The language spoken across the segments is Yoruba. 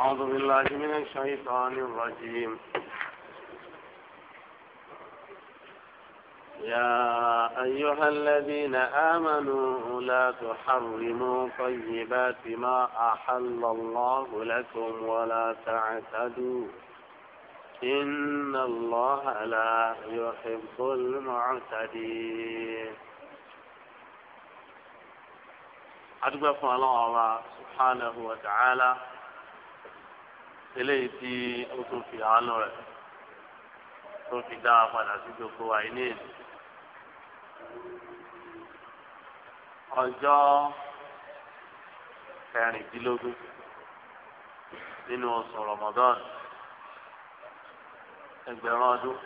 أعوذ بالله من الشيطان الرجيم يا أيها الذين آمنوا لا تحرموا طيبات ما أحل الله لكم ولا تعتدوا إن الله لا يحب المعتدين أدبر الله سبحانه وتعالى eléyìí tí ó tún fi àánú rẹ̀ tó fi dá a padà sí gbogbo àìní èdè. ọjọ́ kẹrìndínlógún nínú oṣù Ramadan ẹgbẹ̀rún ọdún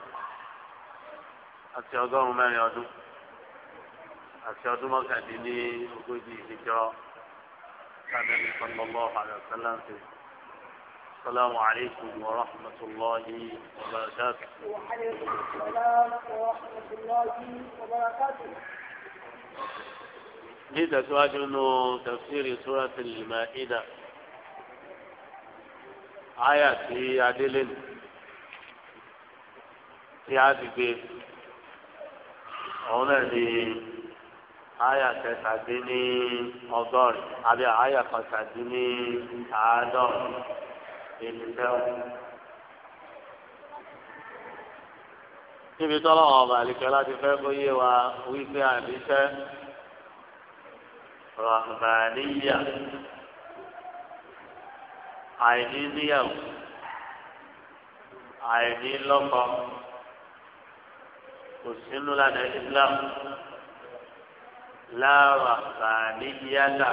àti ọgọ́rùn-ún mẹ́rin ọdún àti ọdún mọ́kàndínlógójì ìjọ sábẹ́ni sọ́nbọ́n bọ́ọ̀ àdàsálàǹtì. السلام عليكم ورحمة الله وبركاته وعليكم السلام ورحمة الله وبركاته جيت أسواج أنه تفسير سورة المائدة آية في عدل في عدل هنا aya kẹtàdínní ọgọ́rin àbí aya kẹtàdínní àádọ́rin èyí sẹ́wọ̀n. níbi tọ́lọ́wọ́ ọba àlìkẹ́ láti fẹ́ kó yé wa wípé àdìsẹ́ rahmaniya àìní níyàwó àìní lọ́kọ kò sínú lànà Islam la rahmaniya ta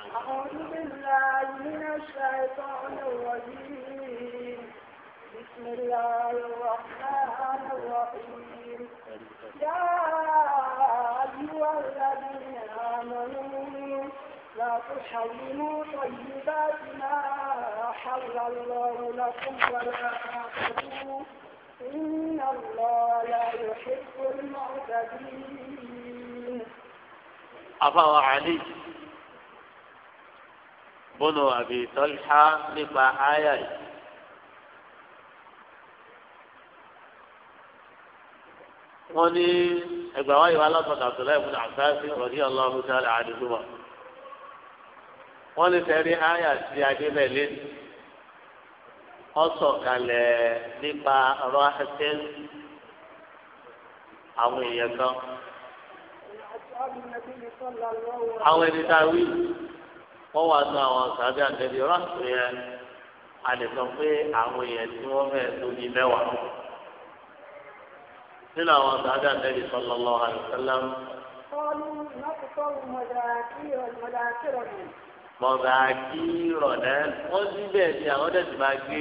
أعوذ بالله من الشيطان الرجيم بسم الله الرحمن الرحيم يا أيها الذين آمنوا لا تحرموا طيبات ما حل الله لكم ولا تعتدوا إن الله لا يحب المعتدين أبا علي bọ́nà àbí tọ́lá nípa àyà yìí. wọ́n ní ẹgbẹ́ àwọn ìwà alásọ̀dà àtúnlẹ̀ ìbùdó àtàkì ọ̀dí ọlọ́run tí a lè àdúgbò wọn. wọ́n ní sẹ́rí àyà sí adébẹ̀lẹ́ ọ̀sọ̀kalẹ̀ nípa ọ̀rọ̀ ẹ̀sẹ̀ àwọn èèyàn kan. àwọn ẹni tá a wí wọ́n wá sọ àwọn sàbí àtẹ̀bí rọ́ọ̀sì yẹn a lè sọ pé àwọn èèyàn tí wọ́n fẹ́ tó di mẹ́wàá nínú àwọn sàbí àtẹ̀bí sallallahu alaihi wasallam. mọ̀gàkì rọ̀lẹ́ wọ́n sì bẹ́ẹ̀ ni àwọn dẹ̀ ti máa gbé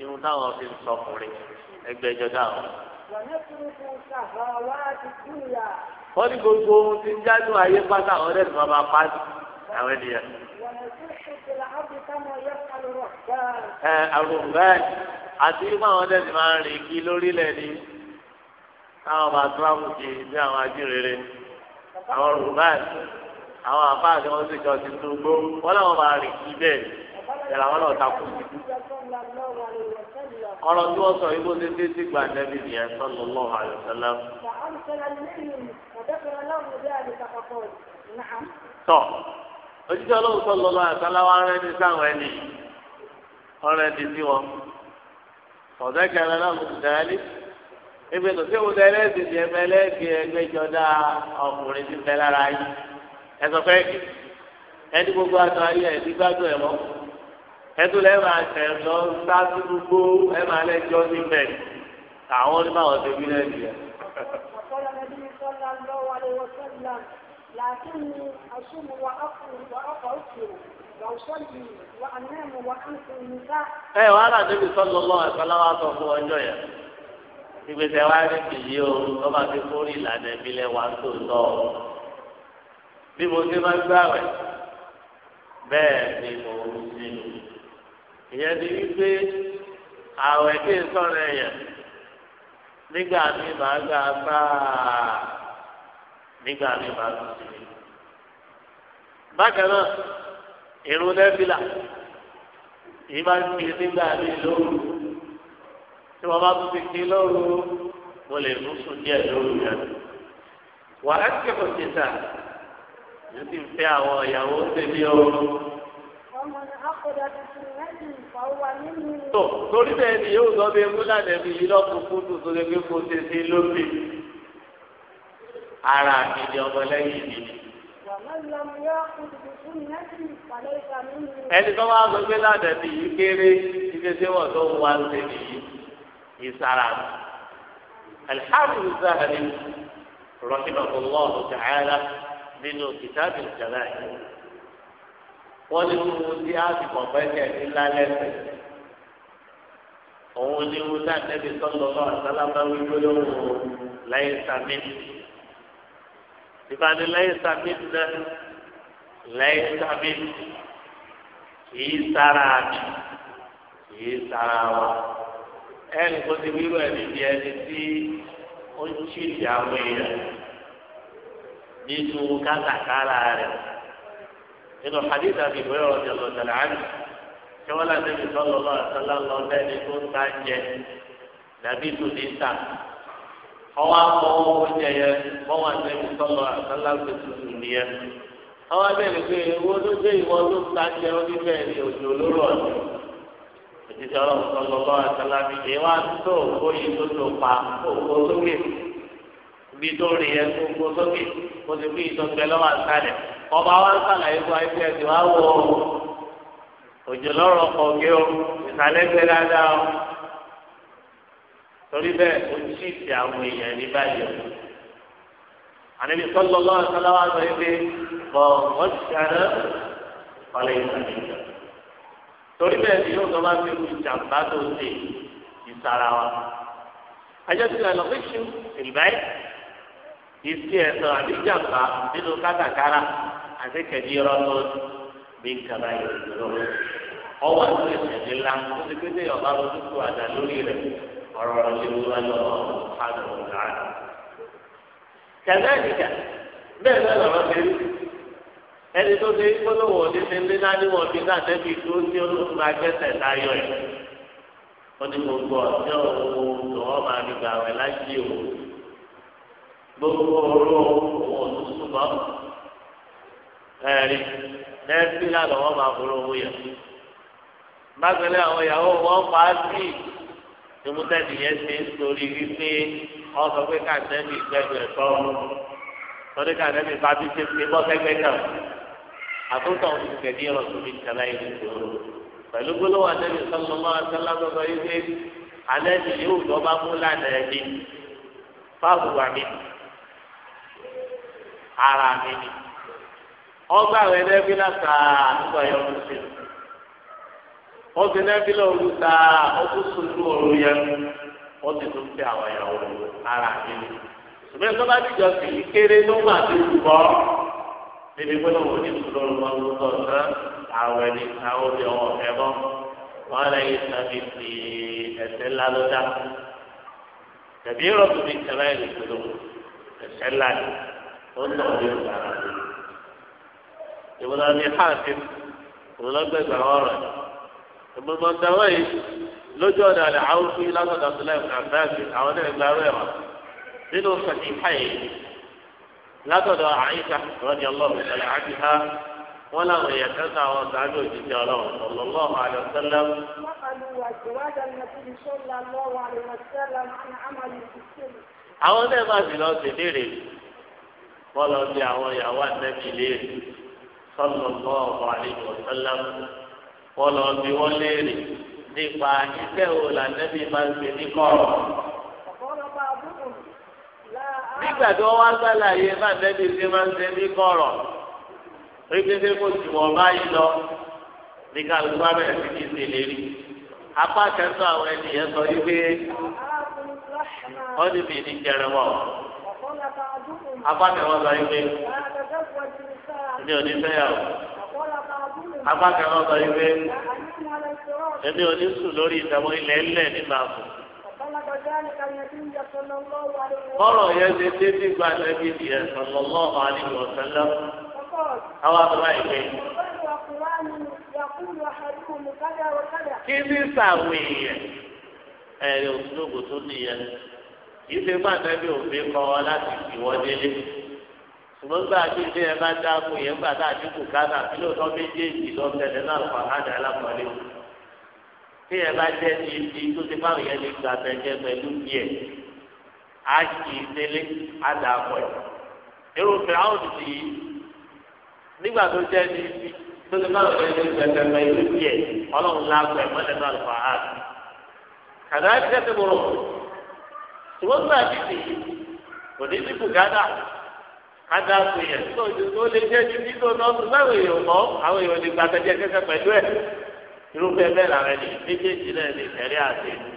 irun táwọn fi sọkùnrin ẹgbẹ́jọ dáhùn wọ́n ní gbogbo ohun tí ń jáde ayé pátá àwọn ọ̀rẹ́ ìfọ̀mọ́ apá àwọn ènìyàn ẹ àrùnbẹ́ẹ̀ àti irú àwọn ọ̀dẹ́sì máa ń rìn kí lórílẹ̀ ni táwọn bá tó àwọn kì í ní àwọn ajínrere àwọn rùbẹ́ẹ̀ àwọn àfáà tí wọ́n sì jọ ti tó gbó wọ́n làwọn máa rìn kí bẹ́ẹ̀ yàrá wọn náà takò ọ̀rọ̀ tí wọ́n sọ ibo tètè ti gba nẹbi nìyẹn sọlọ lọhùn àyọsẹlẹ. tọ òjijì ọlọ́run sọ lọ́lọ́ àtàláwá rẹ̀ ní sáwọn ẹni ọ̀rẹ́ ti sí wọn ọ̀dọ́ kẹrẹ náà mo ti dàálí ebi tó ṣé mo tẹ ẹlẹ́sìn ti ẹgbẹ́ ẹlẹ́sìn ẹgbẹ́jọdá ọkùnrin ti bẹ lára yìí ẹsọ fẹ́ kí ẹni gbogbo àtọ ayé ẹni gbádùn ẹ mọ́ ẹtù lẹ́ẹ̀ máa tẹ̀ lọ sáájú gbogbo ẹ máa lẹ́jọ́ níbẹ̀ àwọn onímọ̀ àwọn tẹ̀wé lẹ́yìn rẹ̀. لكني أصوم وأقوم وأقعد وأصلي وأنام وأنفق النساء. إيه وأنا النبي صلى الله عليه وسلم أعطاه وجهه. ìgbésẹ̀ wa ní kìyí o ọba ti kórè ìlànà ìbílẹ̀ wa tó tọ́ ọ bí mo ṣe máa ń gbàwẹ̀ bẹ́ẹ̀ ni mo ń sinmi ìyẹn ni wípé àwẹ̀ kí n sọ̀rọ̀ ẹ̀yẹ̀ nígbà míì màá gbà sáà nígbà mi máa tún sí mi. bákan náà irun nẹ́fìlà èyí máa ń kiri nígbà mi lóru tí wọ́n bá tún ti kiri lóru mo lè mú sùn díẹ̀ lóru yẹn. wà á ti kẹ́kọ̀ọ́ ti sà yóò ti fẹ́ àwọn ìyàwó tẹ̀lé ọrùn. tó torí bẹ́ẹ̀ ni yóò sọ bí ewúlànà mi yìí lọ́kùnkùn tó tó lè gbé kó tètè lóbi ara mi ni ọmọ lẹ́yìn mi. ẹni tó wá gbé ládàá ti yí kéré ibi tí wọn tó wá ń ṣe nìyí ìsara alḥamidu zahari rahimahullah ta'ala nínú kìtàbí ìjàlá yìí wọn ní wọn ti á ti kọ̀ọ̀kan ẹ̀jẹ̀ ńlá òun ní wọn náà nẹ́bi sọ́dọ̀ náà sálábà wíwọ́lọ́wọ́ láyé sàmì ìbáni lẹ́yìn sàmìn náà lẹ́yìn sàmìn kìí sára mi kìí sára wa ẹnì kó ti wíwọ ẹni bí ẹni tí ó ń ṣìṣì àwọn èèyàn nínú kátàkárà rẹ̀ nínú hadith àti ìwé ọ̀rọ̀ ọ̀dọ̀ ọ̀dọ̀ àná tí wọ́n láti fi sọ́lọ́ lọ́wọ́ àtàlá lọ́ọ́ lẹ́ni tó ń ta jẹ dàbí tòlí ta ọwọ́ akọwọ oúnjẹ yẹn wọn wà ní ẹbí sọlọ àtàlà gbèsè nìyẹn àwọn abẹ́rẹ́ pé owó ló dé ìwọ ló ta jẹ oníbẹ̀ ní òjò olóró ọ̀dọ̀ òjijì ọlọ́run sọlọ lọ àtàlà mi èyí wá tó òkú yìí tó tó pa òkú sókè ibi tó rìn yẹn tó òkú sókè kó ti fi ìtọ́gbẹ lọ́wọ́ àtàlẹ̀ ọba wa ń sàlàyé fún ayé ẹ̀sìn wá wọ òjò lọ́rọ̀ ọ̀gẹ́ o ìsàlẹ̀ gbẹ dáadáa o torí bẹ́ẹ̀ o tí ti àwọn èèyàn ní báyìí o. àníbi sọ́lọ́ lọ́wọ́ sọ́láwá sọ pé bọ̀ wọ́n ti ṣàná ọ̀lẹ́ ìsàlẹ̀ ìjà. torí bẹ́ẹ̀ ni yóò sọ máa fi ìjàmbá tó ṣe ìsara wa. ajọ́sí ẹ̀ lọ́fíìsì ìbáyìí ìsí ẹ̀sán àbí ìjàmbá nínú kátàkárà àti kẹ̀dí rọ́tọ́ bí nǹkan báyìí lọ́wọ́. ọwọ́ àti ìṣẹ̀lẹ̀ ńlá ó ti pété ọ̀bá lọ́dún ọ̀rọ̀ ọ̀rọ̀ ṣe wúlò wájú ọ̀rọ̀ ọ̀hánà ọ̀gá. kẹ̀kẹ́ nìkà bẹ́ẹ̀ bẹ́ẹ̀ lọ́rọ̀ ṣe rí ẹni tó ṣe gbólóhùn òní ṣe ní náà níwọ̀n bí náà tẹ́bi tó ní olóògùn agbẹ́sẹ̀ láyọ̀ ẹ̀. wọ́n ní gbogbo ọ̀sẹ̀ òun tó wọ́n máa fi gbà wẹ̀ láyé o gbogbo oró òun tó túbọ̀ ẹ̀rí lẹ́sìn náà lọ́wọ́ máa fọlọ́ tòmútẹ́lì yẹn ṣe ń torí wípé ọ̀sọ̀ pé kàtẹ́bì gbẹ̀gbẹ̀ ẹ̀tọ́ lọ́dún kàtẹ́bì bá bí ṣe ṣe bọ́ sẹ́gbẹ́ náà àtúntò ń kẹ̀dí ọ̀rọ̀ tó fi kàlá yìí lòdò pẹ̀lú gbólóhùn àtẹ́bì sọ́lọ́mọ́ àtẹ́lágbọ́sọ yìí pé àlẹ́bì yóò lọ́ bá mú lánàá ẹni fáwọn wà mí ara mi ni ọgbà rẹ̀ lẹ́bí látà àtúntò ayọ̀ wọ́n ti nẹ́bílẹ̀ òru ta ọkú sunjú òru yẹn wọ́n ti tún fi àwọn ìyàwó ara nínú. ṣùgbọ́n ìjọba àtijọ́ sì ń kéré tó wà ní ìdúgbọ́ níbi gbọ́dọ̀ wò ní ìdúró lọ́wọ́ lọ́wọ́ sàn àwọn ẹni àwọn obì ọwọ́ ẹ̀mọ́ wọn lẹ́yìn sábì ti ẹ̀sẹ̀ ńlá ló dá. tẹ̀bí rọ̀tù mi tẹ̀lé ìdúró ẹ̀sẹ̀ ńlá ni ó ń tọ̀ ní ìgbà rẹ̀. ìwòlọ́ni hàn ìmọ̀mọ̀ dáwọ́ yìí lójú ọ̀dà àlẹ́ àwọn fún yín látọ̀dọ̀ àbúlá ìfún àbáàbí àwọn náà gba ẹrú ẹ̀wà nínú sọ̀tì káyé látọ̀dọ̀ àyíká rọ́ọ̀dì ọlọ́run ṣẹlẹ̀ àbíhá wọn làwọn èèyàn kan náà àwọn sàájú òjijì ọlọ́run ọlọ́lọ́run àlọ́sẹ́lẹ̀. àwọn náà má sì lọ sí léèrè wọn lọ àwọn ìyàwó àtẹ́bí léèrè sọ́lọ́lọ́run kọlọ bí wọn léèrè nípa iṣẹ́ wo làǹdẹ́bí máa ń ṣe ní kọ́rọ̀. nígbà tí wọ́n wá sálàyé làǹdẹ́bí ṣe máa ń ṣe ní kọ́rọ̀ pépété kò jù wọ́n báyìí lọ ní kálukú abẹ́rẹ́ sí kí n ṣe lérí. apá kẹsàn-án àwọn ènìyàn sọ wípé wọ́n ti fi ìdí jẹrẹ wọ̀. apá kẹwọ́n sọ wípé mi ní fẹ́ yà wọ́n. apá kan lọ sọ ẹni oníṣù lórí ìtẹ̀wọ́ ilẹ̀ ńlẹ̀ nígbà fún. bọ́rọ̀ yẹn ti dé nígbà lẹ́bí ẹ̀sán lọ́lọ́ lọ́wọ́. àwọn kí sàwọn èèyàn òṣèlú tó nìyẹn òfin kọ́ ọ láti fi ṣùgbọ́n gbà tí ilé ẹ bá dá kó yẹn gbà tá a dínkù kí ló tán méjèèjì lọ tẹ̀lé náà fà hánà alákọ̀ọ́lẹ́ o. tí ẹ bá jẹ́ ti ti tó ti báwọn yẹn lè gbà tẹ̀jẹ́ pẹ̀lú díẹ̀ á kì délé á dà pọ̀ ẹ̀. irú fìràwùn ti yìí nígbà tó jẹ́ ti ti tó ti báwọn yẹn lè gbà tẹ̀jẹ́ pẹ̀lú díẹ̀ ọlọ́run lágbẹ̀ mọ́lẹ̀ náà fà hánà. kàdá adáko yẹn tó lè jẹ́ ju títò náà tó èèyàn mọ́ àwọn èèyàn lè gba akẹ́jẹ́ kẹ́kẹ́ pẹ̀lú ẹ̀ irúfẹ́ bẹ́ẹ̀ làwọn ẹni méjèèjì náà lè tẹ̀lé àti ẹni.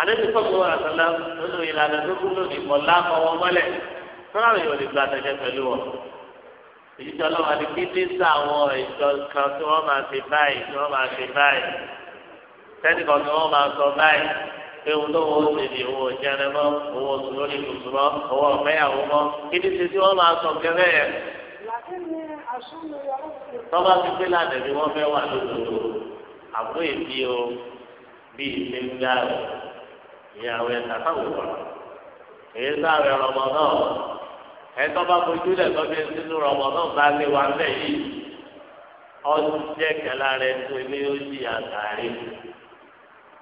àdéhùn sọ́kùnrin wa sọ́lá nínú ìlànà tó kúrò ní kọ̀lá ọwọ́ mọ́lẹ̀ sọ́lá èèyàn lè gba akẹ́jẹ́ pẹ̀lú wọn. èyí tí ni kí ní àwọn ìjọ kan tí wọ́n máa ṣe báyìí tí wọ́n máa ṣe báyìí ewu tó wọ́n ṣe ní owó jẹrẹ mọ́ owó oṣù lórí oṣù mọ́ owó ọ̀fẹ́yàwó mọ́ kí ni ṣe tí wọ́n máa sọ kẹfẹ́ yẹn. tọ́ba ti pé ládẹ̀ ni wọ́n fẹ́ wà lódodo àbúrò èmi o bíi ṣe ń gbá rẹ̀ ìyàwó ẹ̀ tàbáwò kọ̀ọ̀ èyí sáré ọmọ náà ẹtọ́ bá fojú lẹ̀ tọ́ sínú ọmọ náà bá lé wa bẹ́ẹ̀ yìí ọdún jẹ́ kẹlá rẹ̀ tó ilé ó jìyà sáré.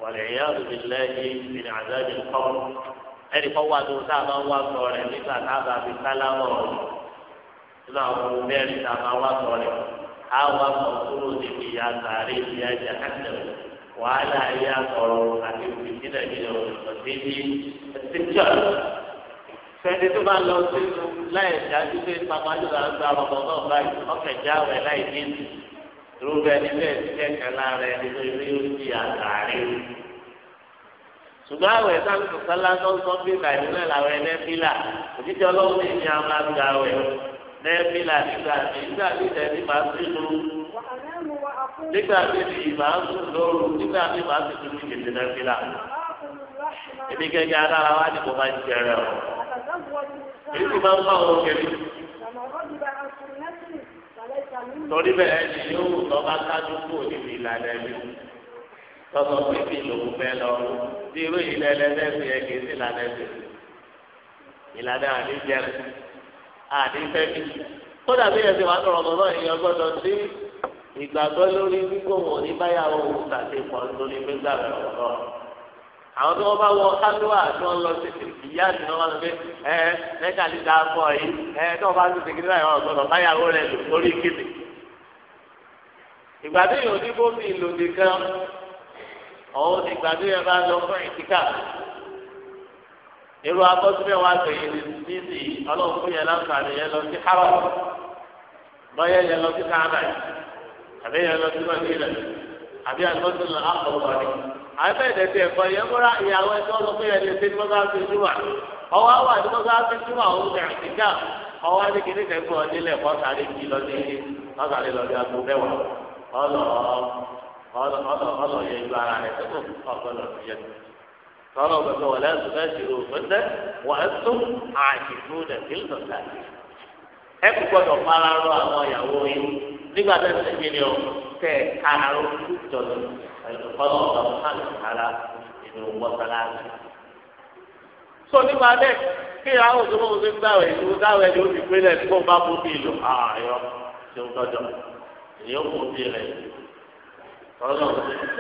والعياذ بالله من عذاب القبر ẹnì kan wà tó tá a máa ń wá sọ rẹ nígbà tá a bá fi sálámọ nínú àwọn ohun mẹ́rin tá a máa wá sọ rẹ á wá sọ kúrò níbi ìyá ìdí ajá àtẹwò wàhálà ayé àtọrọ àti òfìsí nàìjíríà òṣìṣẹ́ ní ẹsẹjọ fẹni tó bá lọ sínú láì dájú pé pàpàjọ là ọmọ náà báyìí ọkẹjà rẹ láì ní ìsìn irúfẹ́ níbẹ̀ sílẹ̀ kan lára ẹni tó ilé yóò di àtàrí. ṣùgbọ́n àwẹ̀ sáńtò sálánsọ́nsọ́ bí bàìlú náà làwọn ẹ̀ nẹ́fílà òjijì ọlọ́run ní ìyá máa ń ga wẹ̀ nẹ́fílà nígbà tí nígbà tí ìtẹ̀sí máa ń sínú nígbà tí ìdí máa ń sùn nígbà tí máa ń sì tún ní ibi gẹ́gẹ́ adára wa ni mo máa ń jẹrẹ o. èyí ti máa ń bá wọn kẹ́lí torí bẹ́ẹ̀ ni yóò lọ́ba kájú kúrò níbi ìlànà ẹ̀mí tọ́sọ pé kí lòun fẹ́ lọ tí irú ìlẹ̀ ẹlẹ́dẹ́gbẹ̀ẹ́ yẹ kì í sí ìlànà ẹ̀sìn ìlànà àdìjẹrẹ àdìfẹ́mi kódà bí ẹ̀sìn wàá tọrọ lọ́nà ìyẹn gbọ́dọ̀ sí ìgbàgbọ́ lórí gbígbóhùn oníbáyàwó òkútàṣe pọ̀ lórí gbígbà rẹ̀ lọ́ àwọn tí wọ́n bá wọ kálíwà tí wọ́n lọ sí ìyá tí wọ́n bá lọ pé ẹ ẹ lẹ́ka dáa fọ yìí ẹ tí wọ́n bá lọ sí kiri báyìí wọ́n gbọ́dọ̀ báyàwó rẹ̀ lórí kìnnì ìgbà tí yóò ní bómi ìlòdì kan ọ̀hún ni ìgbà yẹn bá lọ fún ìtìkà irú abọ́sílẹ̀ wa gbẹ̀yìn níbi ọlọ́run yẹn láǹfààní yẹn lọ sí hárọ̀ lọ́yẹ̀ yẹn lọ sí káàdà àbí yẹn lọ sí àbí àgbọ̀sílẹ̀ àkọ́kọ́ ni àbẹ́ ẹ̀kọ́ yẹn múra ìyàwó yẹn fi túmọ̀ ọwọ́ àwọn ọlọ ọlọ ọlọ ọlọ yẹ ju ara rẹ tó ọgbọlọ yẹ tọ́lọ̀ gbẹ̀gbẹ̀ wọlé ẹ̀sùn bẹ́ẹ̀ sì rò pẹ́sẹ́ wọ́n ẹ̀sùn àjìfún dẹ̀kí lọ́sà. ẹ kò gbọdọ̀ fara rọ àwọn ìyàwó yín nígbà tẹ́ ẹ ti ní ọ tẹ́ ẹ kára ró jọ̀dọ̀ ẹ̀dùnkọ́lọ̀ ọ̀dọ̀ sáà kára ìlú mọ́sálásí. sọ nípa bẹ́ẹ̀ kí àwọn òṣèlú ọ̀sẹ̀ gbàwẹ̀ ìlú gbàwẹ̀ ni ó ti gbélé ẹ̀ ìyókù ti rẹ̀ tọ́lọ̀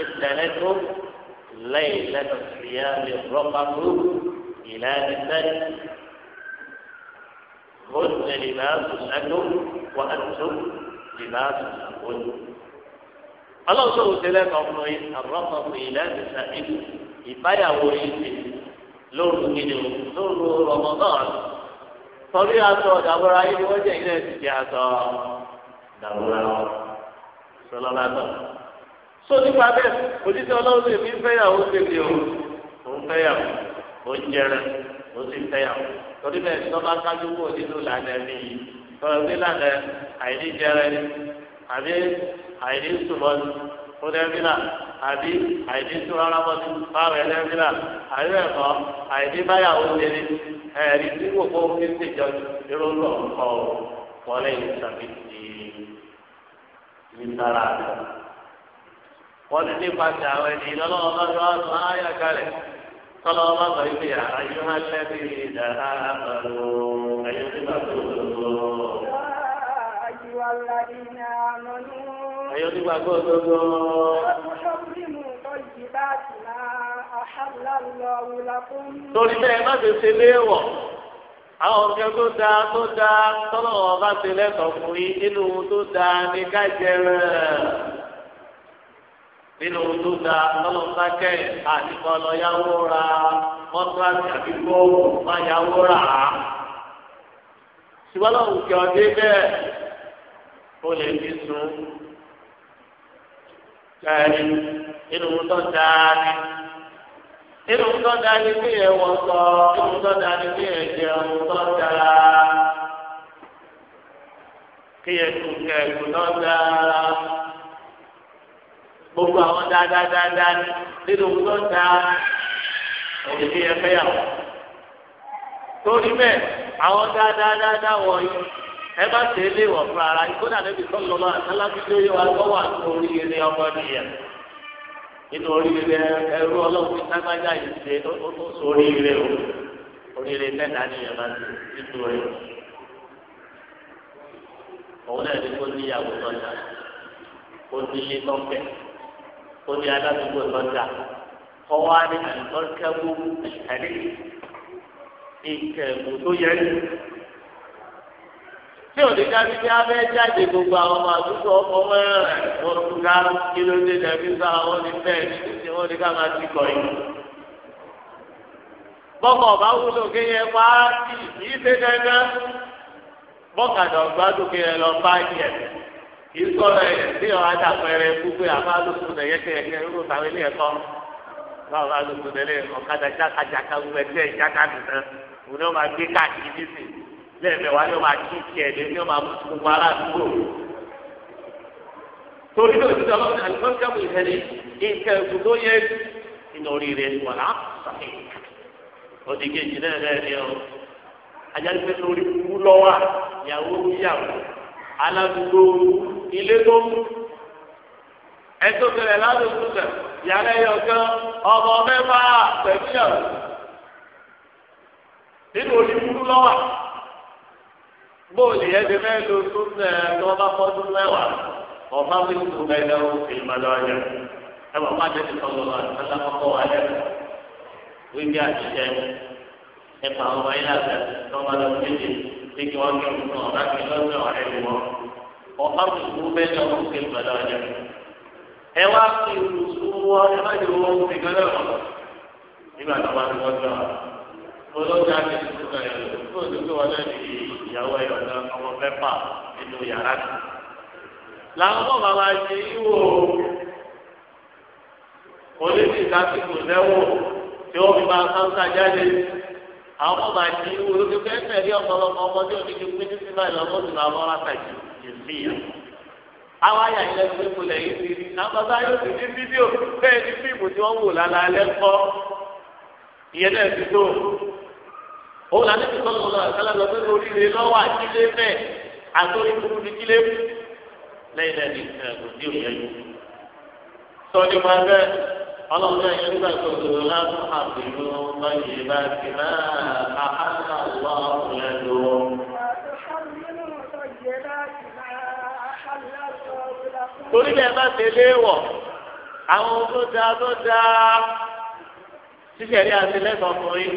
ìtẹ̀lẹ́tò lẹ́yìn lẹ́tọ̀ sí ya lè rọ́pà tó ìlà ẹ̀dẹ́gbẹ́. هن لباس لكم وأنتم لباس لهن الله سبحانه وتعالى قال الرفض إلى نسائكم ìbáyàwó yìí lóru gidi o lóru rọmọdán torí aṣọ dàbọ̀ra yìí wọ́n jẹ́ ilé ti jẹ́ aṣọ dàbọ̀ra wọn sọlọ́lá náà. sọ nípa bẹ́ẹ̀ òjíṣẹ́ ọlọ́run lè fi fẹ́yàwó tèmi o òun fẹ́yàwó òun jẹrẹ òun sì fẹ́yàwó torí bẹ́ẹ̀ tí kájú kó nínú lànà ẹ̀mí yìí tọ́lá gbé lànà àìní jẹrẹ ni àbí àìní sùmọ́ni fún ẹ̀mílà àbí àìní sùmọ́ramọ́ni fáwọn ẹ̀mílà àbí ẹ̀kọ́ àìní báyàwó tèmi ẹ̀rí tí kò kó kí ń tèjọ́ irú lọ́ọ̀ wọlé ìsàbí nítorá rẹ̀. wọ́n ti nípasẹ̀ àwọn ẹni lọ́lọ́wọ́ bá tó wọ́n tún áyà kalẹ̀ tọ́lọ́ bá bọ̀ ibi àyè wọn lẹ́bi ìdára àbàlù ẹ̀yẹ tí bá tó lòlò. ẹ̀yẹ tí bá tó lòlò. torí bẹ́ẹ̀ má ti ṣe léèwọ̀. àwọn ọ̀gá tó dáa tó dáa tọ́lọ̀ ọba ti lẹ́tọ̀ọ́ fún yín nínú tó dáa ní nínú tó dáa tọ́lọ̀ sákẹ́ àtìkọ́ lọ yáwó ra àti má yáwó rà á. ṣùgbọ́n lọ́wọ́ inú tó da ni bí yẹn wọ sọ inú tó da ni bí yẹn jẹun tó da kí yẹn tún kẹkù tó da gbogbo àwọn dáadáa nínú tó da òbí kí yẹn fẹ́ yà wọ́n torí bẹ́ẹ̀ àwọn dáadáa wọ̀nyí ẹ bá tẹ̀lé wọ̀ fún ara yìí kó dàbí sọ́nù lọ́wọ́ àtàlábí lórí wa lọ́wọ́ àti orí ilé ọmọ nìyẹn nínú oríire ẹrú ọlọ́run fi ságbájá yìí ṣe ó tó so oríire o oríire mẹ́ta ni ìyẹn máa ti títú rẹ òun náà ní kó níyàwó lọ́jà kó nílé lọ́fẹ̀ẹ́ kó ní aládùúgbò lọ́jà kọ́ wá ní àlùkọ́kẹ́wò ẹ̀rí ìkẹ̀wò tó yẹ tí o ní dábí tí a fẹ́ jáde gbogbo àwọn ọmọ àdúgbò ọmọ mẹ́rin wọn tún ká kí ló dé dàbí sá wọn ní bẹ́ẹ̀ ní ti wọn ní ká máa ti kọ̀ yìí. bọ́kọ̀ ọ̀bá wúlò bọ́kàdà lọ bá yẹ gbogbo àbálòkù rẹ̀ yẹ́kẹ̀yẹ́kẹ́ irú táwọn ẹ̀kọ́ báwọn lẹ́ẹ̀mẹ̀wá ni wọ́n máa kí tiẹ̀ lé ni wọ́n máa mú gbogbo ara àdúgbò. torí ló ti sọ lọ́wọ́ àlùfáàkàmù ìfẹ́lẹ́ nǹkan ẹ̀kú tó yẹ nínú oríire wà á sàkè. òdì kejì náà rẹ̀ ni ọ ajáde pé lórí kú lọ́wọ́ ìyàwó ìyàwó aládùúgbò ilé tó mú ẹtọ́ tẹ́lẹ̀ ládùúgbò tẹ yàrá ẹyọ kan ọmọ mẹ́fà pẹ̀lú ìyàwó nínú orí kú lọ́wọ́. bóòlì yẹn ti fẹ́ lo súnmọ́ ẹ tó bá fọ́dún mẹ́wàá ọ̀fà wí tó bẹ́ẹ̀ lọ ìmọ̀lẹ́ ọ̀yẹ́ ẹ bọ̀ máa tẹ̀sí tọ́lọ́ lọ àtúntà kọ́kọ́ wa lẹ́nu wí bí àtijọ́ ẹ pa ọmọ yẹn láti tó lọ sí bí kí wọ́n kí ọ̀nà ọ̀nà kí lọ́sẹ̀ ọ̀rẹ́ mi wọ́ ọ̀fà wí tó bẹ́ẹ̀ lọ ìmọ̀lẹ́ ọ̀yẹ́ ẹ wá fi ìlú sún wọ́ ẹ má olóògbé àti ìdúgbò ẹ̀ ló ń dúró wọn lẹ́nu ìyàwó ẹ̀ ọ̀dọ́ ọmọ mẹ́fà nínú yàrá kan. làwọn ọmọ bàbá ṣe ìwò onídìí ìdásíkò lẹ́wọ̀ tí wọ́n fi máa sáńsá jáde àwọn ọmọ àti ìwò lókè fẹ́ẹ́ rí ọ̀pọ̀lọpọ̀ ọmọdé òdìjú pé ní sílẹ̀ lọ́mọ tó máa mọ́ra tàjù ìsìyà. àwọn àyà ilẹ̀ tó ìyẹn náà ti tó òun làní bí sọ́nù lọ́wọ́ àkàlà lọ pé oríire lọ́wọ́ àkílé mẹ́ẹ̀ àtòrí burú ní kílé mú lẹ́yìn náà ní ẹ̀kọ́ tí òun yẹ yó. sọ́ni máa bẹ́ ọlọ́run náà yẹn nígbà tó tó lásán àbìlú lọ́yẹ̀ bá ti náà àhánà lọ́wọ́ lẹ́nu. torí bẹ́ẹ̀ bá ṣe léèwọ̀ àwọn tó dáa tó dáa ṣíṣẹ̀rí àti lẹ́sọ̀ọ́ fún yín.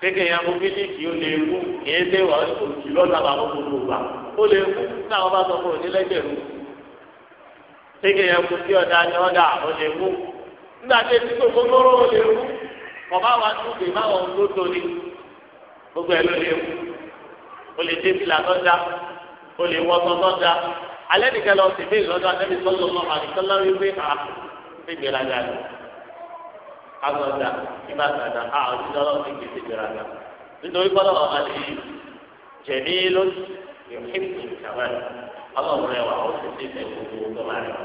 kéèké yẹn mú mílíkì ó lè mú kìí dé wà òjì lọ́nà àwọn gbogbo gbà ó lè mú táwọn bá sọ fún onílẹ́gbẹ̀rú kéèké yẹn mú sí ọ̀dà ni ọ̀dà ó lè mú nígbà tí etí ó lè wa tún má wọn tó gbogbo ló lè ó lè dé fìlà ó lè alẹ́ nìkan lọ sí agbada nígbà gbada a òṣìṣẹ́ ọlọ́run ní gbèsè gbèrágà nítorí pé ọlọ́run ọba nìyí jẹ̀mí lónìí yòókù ìkàwé ọlọ́run rẹwà ó sì ti fẹ́ gbogbo tó máa rẹwà.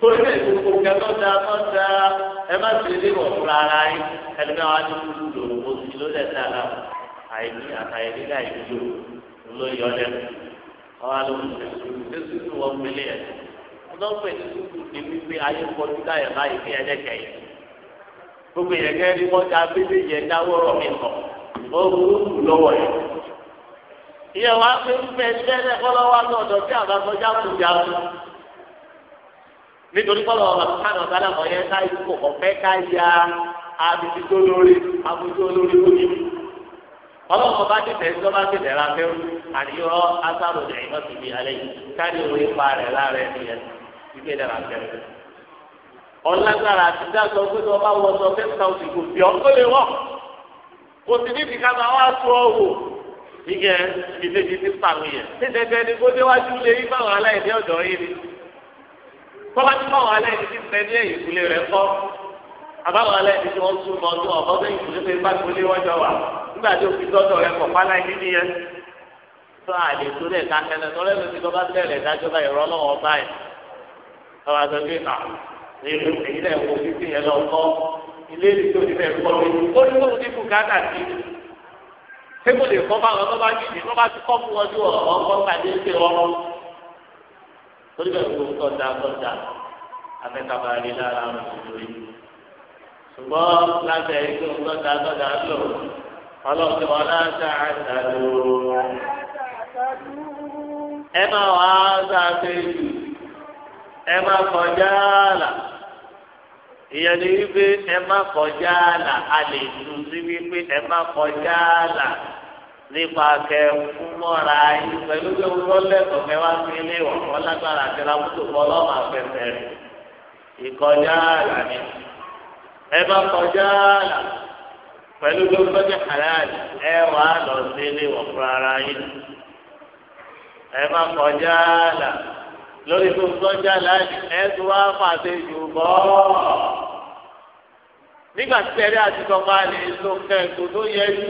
torí pé gbogbo kẹtọ́ da tọ́ da ẹ má ṣe lé wọ̀ fúnra ara yín ẹni bá wà ní kúlù lòun ó sì ló lẹ̀ dára àìní àtàyẹ̀dí láìní lò ló yọ lẹ́nu ọ̀hà ló ń sè é sùkúrù wọn gbélé ẹ̀ ọlọ́pẹ̀ ní sùkúrù ní wípé ayé kọjú láyẹ̀ báyìí fi ẹ̀dẹ́kẹ̀yẹ̀. gbogbo yẹn kẹ́ ẹni wọ́n ti abẹ́lé yẹn dáwọ́rọ́ mi kọ̀ ó burú kù lọ́wọ́ yẹn. ìyẹn wàá pé fífẹ́ ẹgbẹ́ kọ́lọ́ wa ní tí kù já nítorí ọ̀gá náà ká ikú ká ya abidí tó lórí abidí lórí. bá ti ti tẹ̀ra náà ti di alẹ́ yìí ọlágbára àti dáàtọ̀ pé tó bá wọ́n sọ pé sàwùsì kò fi ọ́ lè wọ̀ kò sì ní kíkà máa wá sọ òwò ìyẹn ìdíje ti pàmì yẹn títẹ̀tẹ̀ ni kó déwájú lé yí báwọn aláìní ọ̀dọ́ yìí ni tọ́ba tí báwọn aláìní ti pẹ́ ní ẹ̀yìn ìkúlé rẹ̀ kọ́ àbáwọn aláìní tí wọ́n sún mọ́ ọdún ọ̀bọ́n ìkúlé pé bá gbólé wà nígbà tí òfin rẹ̀ kọ̀ èyí èyí lẹ wo fífi yẹn lọ kọ ilé ìdí tó ti fẹ́ kọ lé ó ní kóun ní bùkátà sí ṣé kò lè kọ́ bá wọn tó bá yìí ní tó bá ti kọ́ fún wọn ju ọ̀rọ̀ kọ́ pàdé ṣe ọ̀rọ̀ torí bẹ́ẹ̀ kó tọ́ da tọ́ da afẹ́kàbà rí lára mùsùlùmí ṣùgbọ́n láti ẹ̀yìn tó tọ́ da tọ́ da lò ọlọ́run ti wọn láti àtàlù ẹ máa wá sáà fẹ́ jù ẹ má kọjá àlà ìyẹn ni wípé ẹ má kọjá àlà a lè tu sí wípé ẹ má kọjá àlà nípa kẹ fún mọ́ra yín pẹ̀lú pé wọ́n lẹ́kọ̀ọ́ kẹ wá sí ilé ìwọ̀n lágbára àti ramúdò kọ́ lọ́mọ afẹ́fẹ́ rẹ̀ ìkọjá àlà ni ẹ má kọjá àlà pẹ̀lú pé wọ́n ti halal ẹ wà lọ sí ilé ìwọ̀n fún ara ẹ má kọjá àlà lórí tó ń sọ́jà láì ẹ̀sùn wá pàṣẹ ìjùbọ́. nígbà tí ẹ̀rí àti tọ́ka lè lo kẹ́ẹ̀kọ́ tó yẹ jù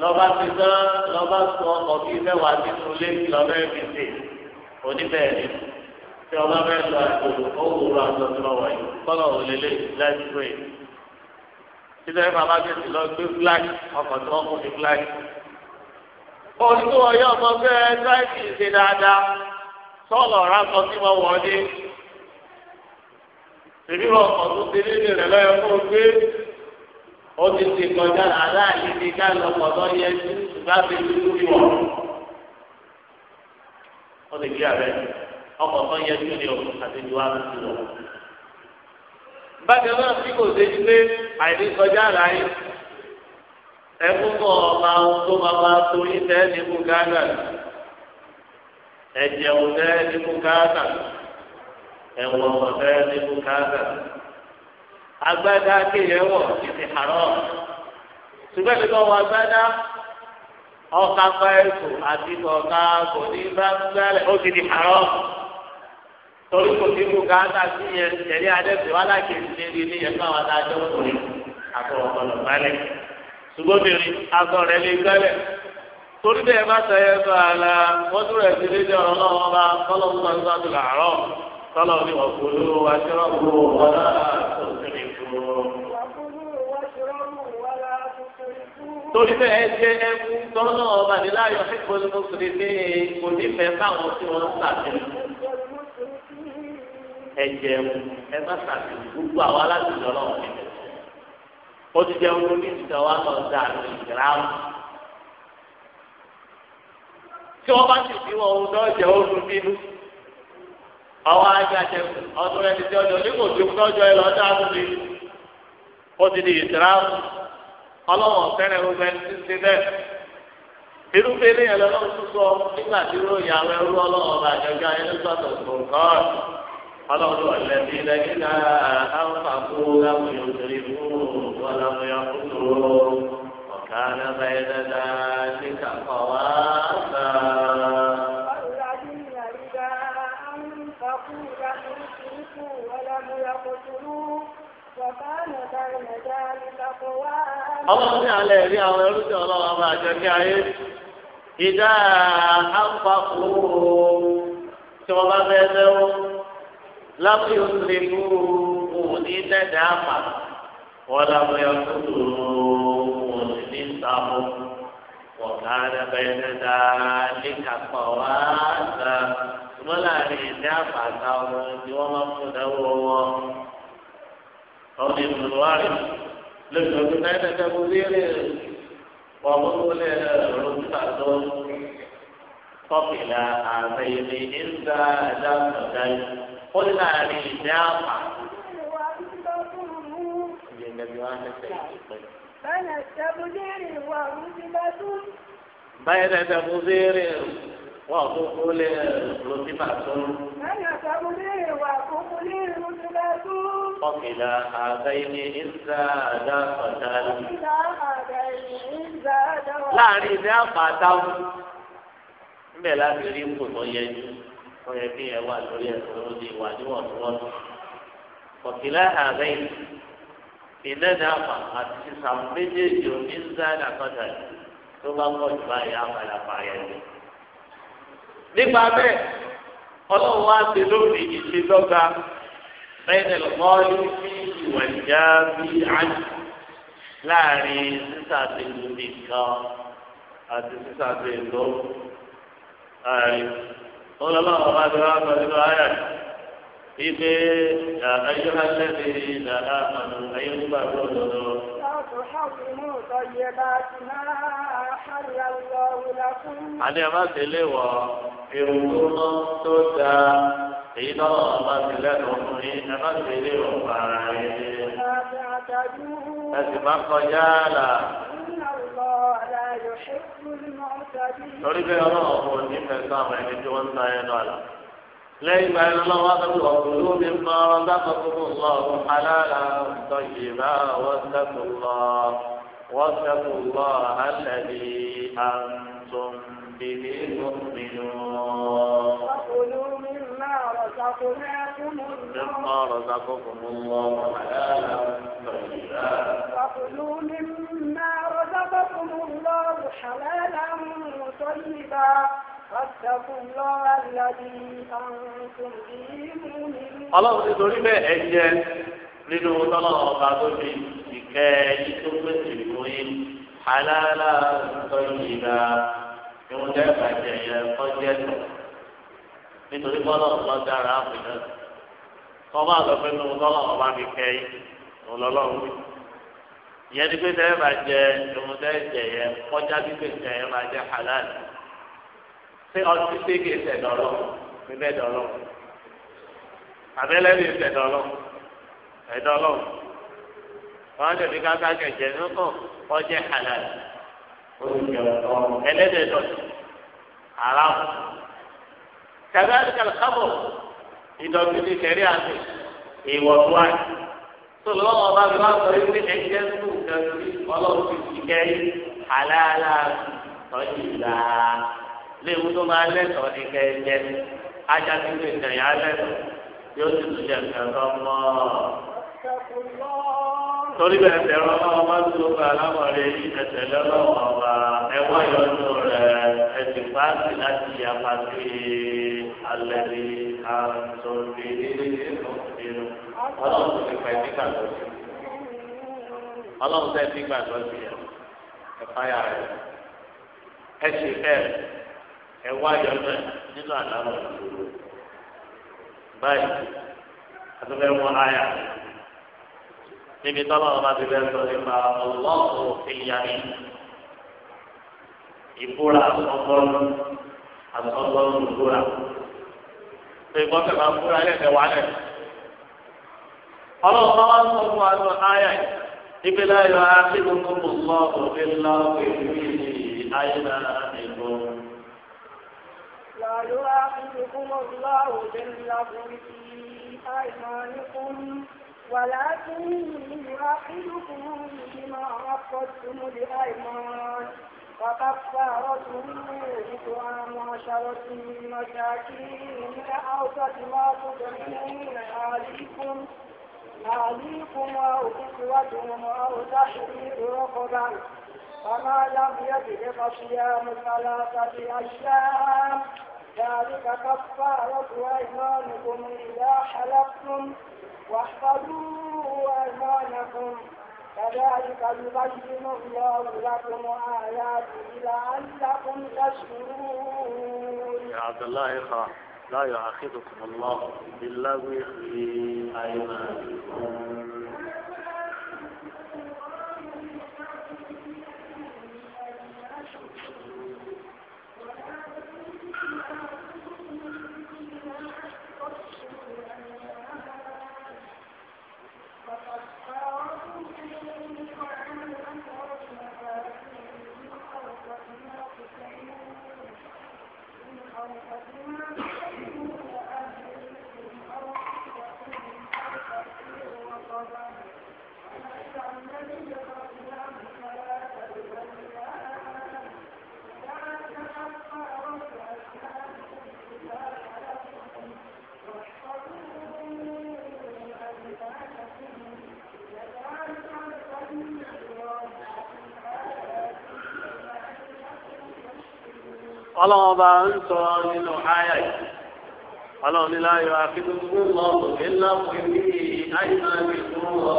lọ́ba ti tán lọ́ba sọ ọkọ̀ bíi mẹ́wàá nínú ilé lọ́bẹ̀ mi tè oníbẹ̀rẹ̀ tí ọba bẹ́ẹ̀ lọ àjòyò ó wúrọ̀ àtọ́tọ́ wọ̀nyí kọ́lọ̀ òlélẹ̀ láti pé títẹ̀ bàbá tètè lọ gbé fúláṣí ọkọ̀ tí wọ́n kún ní fúláṣí. òṣùwọ̀n yóò sọ́ọ̀lọ̀ ọ̀rá sọ sí wọn wọlé èmi wọn ti nílé rẹ̀ lọ́yọ̀ fún un pé ó ti ti kọjá aláàyè ti ká lọ́kọ̀ lọ́yẹ bá fi dúdú bí wọn. ó lè gbé ààrẹ ọkọ̀ tó yẹ jù ní o àti ju àrùn bákan náà kò ṣe pé ẹ̀jẹ̀ wò fẹ́ ní bùkátà ẹ̀wọ̀ wò fẹ́ títí ṣùgbọ́n wọ àti kò ní bá gbẹ́lẹ̀ ó ti di àárọ̀ torí kò sí bùkátà sí yẹn tẹ̀lé adẹ́sẹ̀ wà lákèjì níbi ní yẹn fáwọn adájọ́ òkùnrin àtọ̀wọ̀ ọ̀nà gbálẹ̀ ṣùgbọ́n mi rí agbọ̀n lé gbẹ́lẹ̀. torí bẹ́ẹ̀ bá sọ yẹn bá a wọ́n tún rẹ̀ sí lédè ọ̀rọ̀ náà wọ́n bá kọ́lọ́ ń bá ń sá làárọ̀ kọ́lọ́ ní ọ̀gbọ́n ló wá sí ọ̀gbọ́n wọn láàtúntì torí bẹ́ẹ̀ jẹ́ ẹkú tọ́lọ́ ọba ní láyọ̀ fífọ́ ní kò ní fẹ́ báwọn tí wọ́n ń sàbẹ̀ ẹ jẹun ẹ má sàbẹ̀ gbogbo àwa láti lọ́lọ́ ó tí wọ́n bá sì bí wọn ohun náà jẹ́ oorun bínú. àwọn ajájẹkù ọdún ẹni tí ọjọ́ ní kò tó kún ọjọ́ ẹ lọ́dọ̀ àbúlé ó ti di ìsìláàmù ọlọ́wọ̀n fẹ́rẹ̀ gbogbo ẹni tí ń ṣe bẹ́ẹ̀. irúfẹ́ eléyàn tún sọ nígbà tí ó yà wẹ́ rú ọlọ́wọ́n bá àjọjọ ayẹyẹ sọ̀tọ̀ gbọ̀ngàn ọlọ́wọ́n lọ lẹ́bi lẹ́yìn náà àwọn àkókò láwọn yóò tẹ̀lé fún wọn láwọn yà kúrò ọ̀kadà báyìí dáadáa ní kàkọ́ wá. ọlọ́run ní alẹ́ rí àwọn ẹrúsìn ọlọ́run ọba àjọkí ayé ìdá àpapọ̀ tí wọ́n bá fẹ́ lẹ́wọ́ lábẹ́ òṣèlè fún òun ní dẹ́dẹ́ àpà wọ́n lábẹ́ ọ̀tún òun ní sàmú wọ̀ká lẹ́bẹ̀ẹ́ dẹ́dá níkàpọ̀ wá sà wọ́n láàrin ìdá àpà táwọn tí wọ́n máa fún lẹ́wọ́ wọn. ọ̀nà ìmọ̀lúwárì. لقد كانت مدير ومول رتبة فقل عامين عند دمتين قلنا للناقة بين تبذير wọ́n kó kó lé lọ́síbà tó. lẹ́yìn àtàkùnlé ìwà kó kó lé lọ́síbà tó. ọ̀kìlà àgbáyé ìzà àdá ọ̀tá. ọ̀kìlà àgbáyé ìzà àdá ọ̀tá. láàrin ilé àpàtàwọn ńbẹ láti rí ipò tó yẹ ju tó yẹ kí ẹ wà lórí ẹsẹ̀ lórí ìwà níwọ̀ntúnwọ̀ntún. ọ̀kìlà àgbáyé ìlẹ́nà àpà àti sísàmù méjèèjì òní ń zá àdàkọ́tà tó bá mọ̀ nípa bẹ́ẹ̀ ọlọ́run wá ṣe lórí ìṣèdọ́gba bẹ́ẹ̀ lọ́ọ́lù sí ìwà ìjà bí àjù láàrin sísàtì lórí kan àti sísàtì lọ ààrẹ ọlọ́run wá ṣe wá sọ nínú ayà yìí pé àyọ̀hálẹ́ ni àmàlù ayélujára lọ́dọọdọ àní ẹ má ṣe lé wọ ewu tó mọ́ tó da èyí tó lọ́wọ́ bá ti lẹ́nu fún yín ẹ má ṣe lé wọ para yín. ẹ sì má kọjá là. torí bẹ́ẹ̀ ọlọ́run kò ní fẹ́ sáwọn ẹni tí wọ́n ń ta ẹnu àlà lẹ́yìn ìgbà yẹn lọ́wọ́ àtàkùn ọ̀gbìnlú mi mọ ọ̀dàkùnkùn lọ́wọ́ alára tọ́jìlá wọ́sẹ̀kùnlọ́ wọ́sẹ̀kùnlọ́ alẹ́bí àtún bìbí lọ́mìnú. مما رزقكم الله حلالا طيبا فكلوا مما رزقكم الله حلالا طيبا ọlọ́run ti torí bẹ́ẹ̀ ẹ jẹ nínú tọ́lọ́run ọba tó fi ìkẹ́ yìí tó pèsè fún yín aláàlá tó yìí la ìwúndẹ́ ìbàjẹ́ yẹn kọjá tó nítorí bọ́lọ́run lọ dára àpèjọ kọ́ máa lọ pé nínú tọ́lọ́run ọba mi kẹ́ yìí ọlọ́run yẹn ni pé tẹ́lẹ̀ bá jẹ ìwúndẹ́ ìjẹ yẹn kọjá pípèsè yẹn máa jẹ halal pé ọtí sége ṣẹ̀ dọ̀lọ́ bíbẹ́ dọ̀lọ́ abẹ́lẹ́ mi ṣẹ̀ dọ̀lọ́ ẹ̀dọ́lọ́ wọn lè fi káká kẹ̀kẹ́ nínú ọjẹ́ halal ẹlẹ́dẹ̀ dọ̀tí haram kàdáàdì kàlùkàbọ̀ ìdọ̀tí ti kẹ̀rí àti ìwọ̀túwà sọlọ́ ọba mi wá sọ wípé ẹ̀jẹ̀ ń kú kẹ̀rí ọlọ́run ti fi kẹ́rí halal tọ́jú ìlà léwu tó máa lẹ́tọ̀ọ́ ní kẹ́ẹ̀jẹ́ ajá tí kò ìtàn yà á lẹ́tọ̀ọ́ yóò ti tún jẹ ìtàkọ́ mọ́ torí bẹ́ẹ̀ tẹ̀rọ náà má tó bá alámọ̀rẹ́ ẹsẹ̀ lọ́wọ́ ọ̀bà ẹ̀wọ́ ìyọ́nú rẹ̀ ẹ̀sìn pàṣẹ láti yàgbá sí alẹ́ ní àtòrí nínú ọlọ́run ti pẹ̀ nígbà tó ti ọlọ́run tẹ̀ nígbà tó ti ẹ̀fáyà rẹ̀ ẹ̀sìn bẹ́ẹ̀ ẹ wá yọ náà nínú àdáwọ̀ ìṣòro báyìí àtúbẹ̀ wọn àyà níbi tọ́lọ́ ọba ti bẹ́ẹ̀ sọ nípa ọlọ́ọ̀kọ̀ ìyàmí ìbúra ọgọ́rùn àtọ́gọ́rùn ìbúra pé gbọ́dọ̀ máa búra lẹ́sẹ̀ wálẹ̀ ọlọ́run bá wá ń sọ fún wa lọ ayà ìgbéláyọ̀ akéwòn kọ́kọ́ lọ́ọ̀kọ̀ ìlọ́ọ̀kọ̀ ìlú ayé náà nìkan. يراقبكم يؤاخذكم الله باللغو في أيمانكم ولكن يراقبكم بما عقدتم الأيمان فكفارته إطعام عشرة مساكين كأوسط ما تطعمون عليكم عليكم أو كسوتهم أو تحرير رقبة فما لم يجد فصيام ثلاثة أشياء ذلك كفارة أيمانكم إذا حلفتم واحفظوا أيمانكم كذلك يبين الله لكم آياته لعلكم تشكرون. يا عبد الله خان لا يعاقبكم الله باللغو في أيمانكم. ọlọ́run bá ń sọ nínú àyà yìí ní láyọ̀ akíndúgbò lọ́wọ́ ńlá fún mi àyíká mi lọ.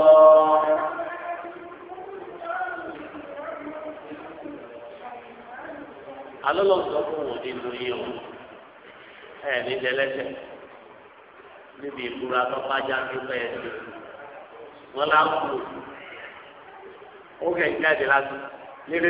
alọ́lọ́ sọ nínú yìí o ẹ̀ ní lẹ́lẹ́sẹ̀ níbi ìbúra tó kú ó kẹ̀ ń jáde nílé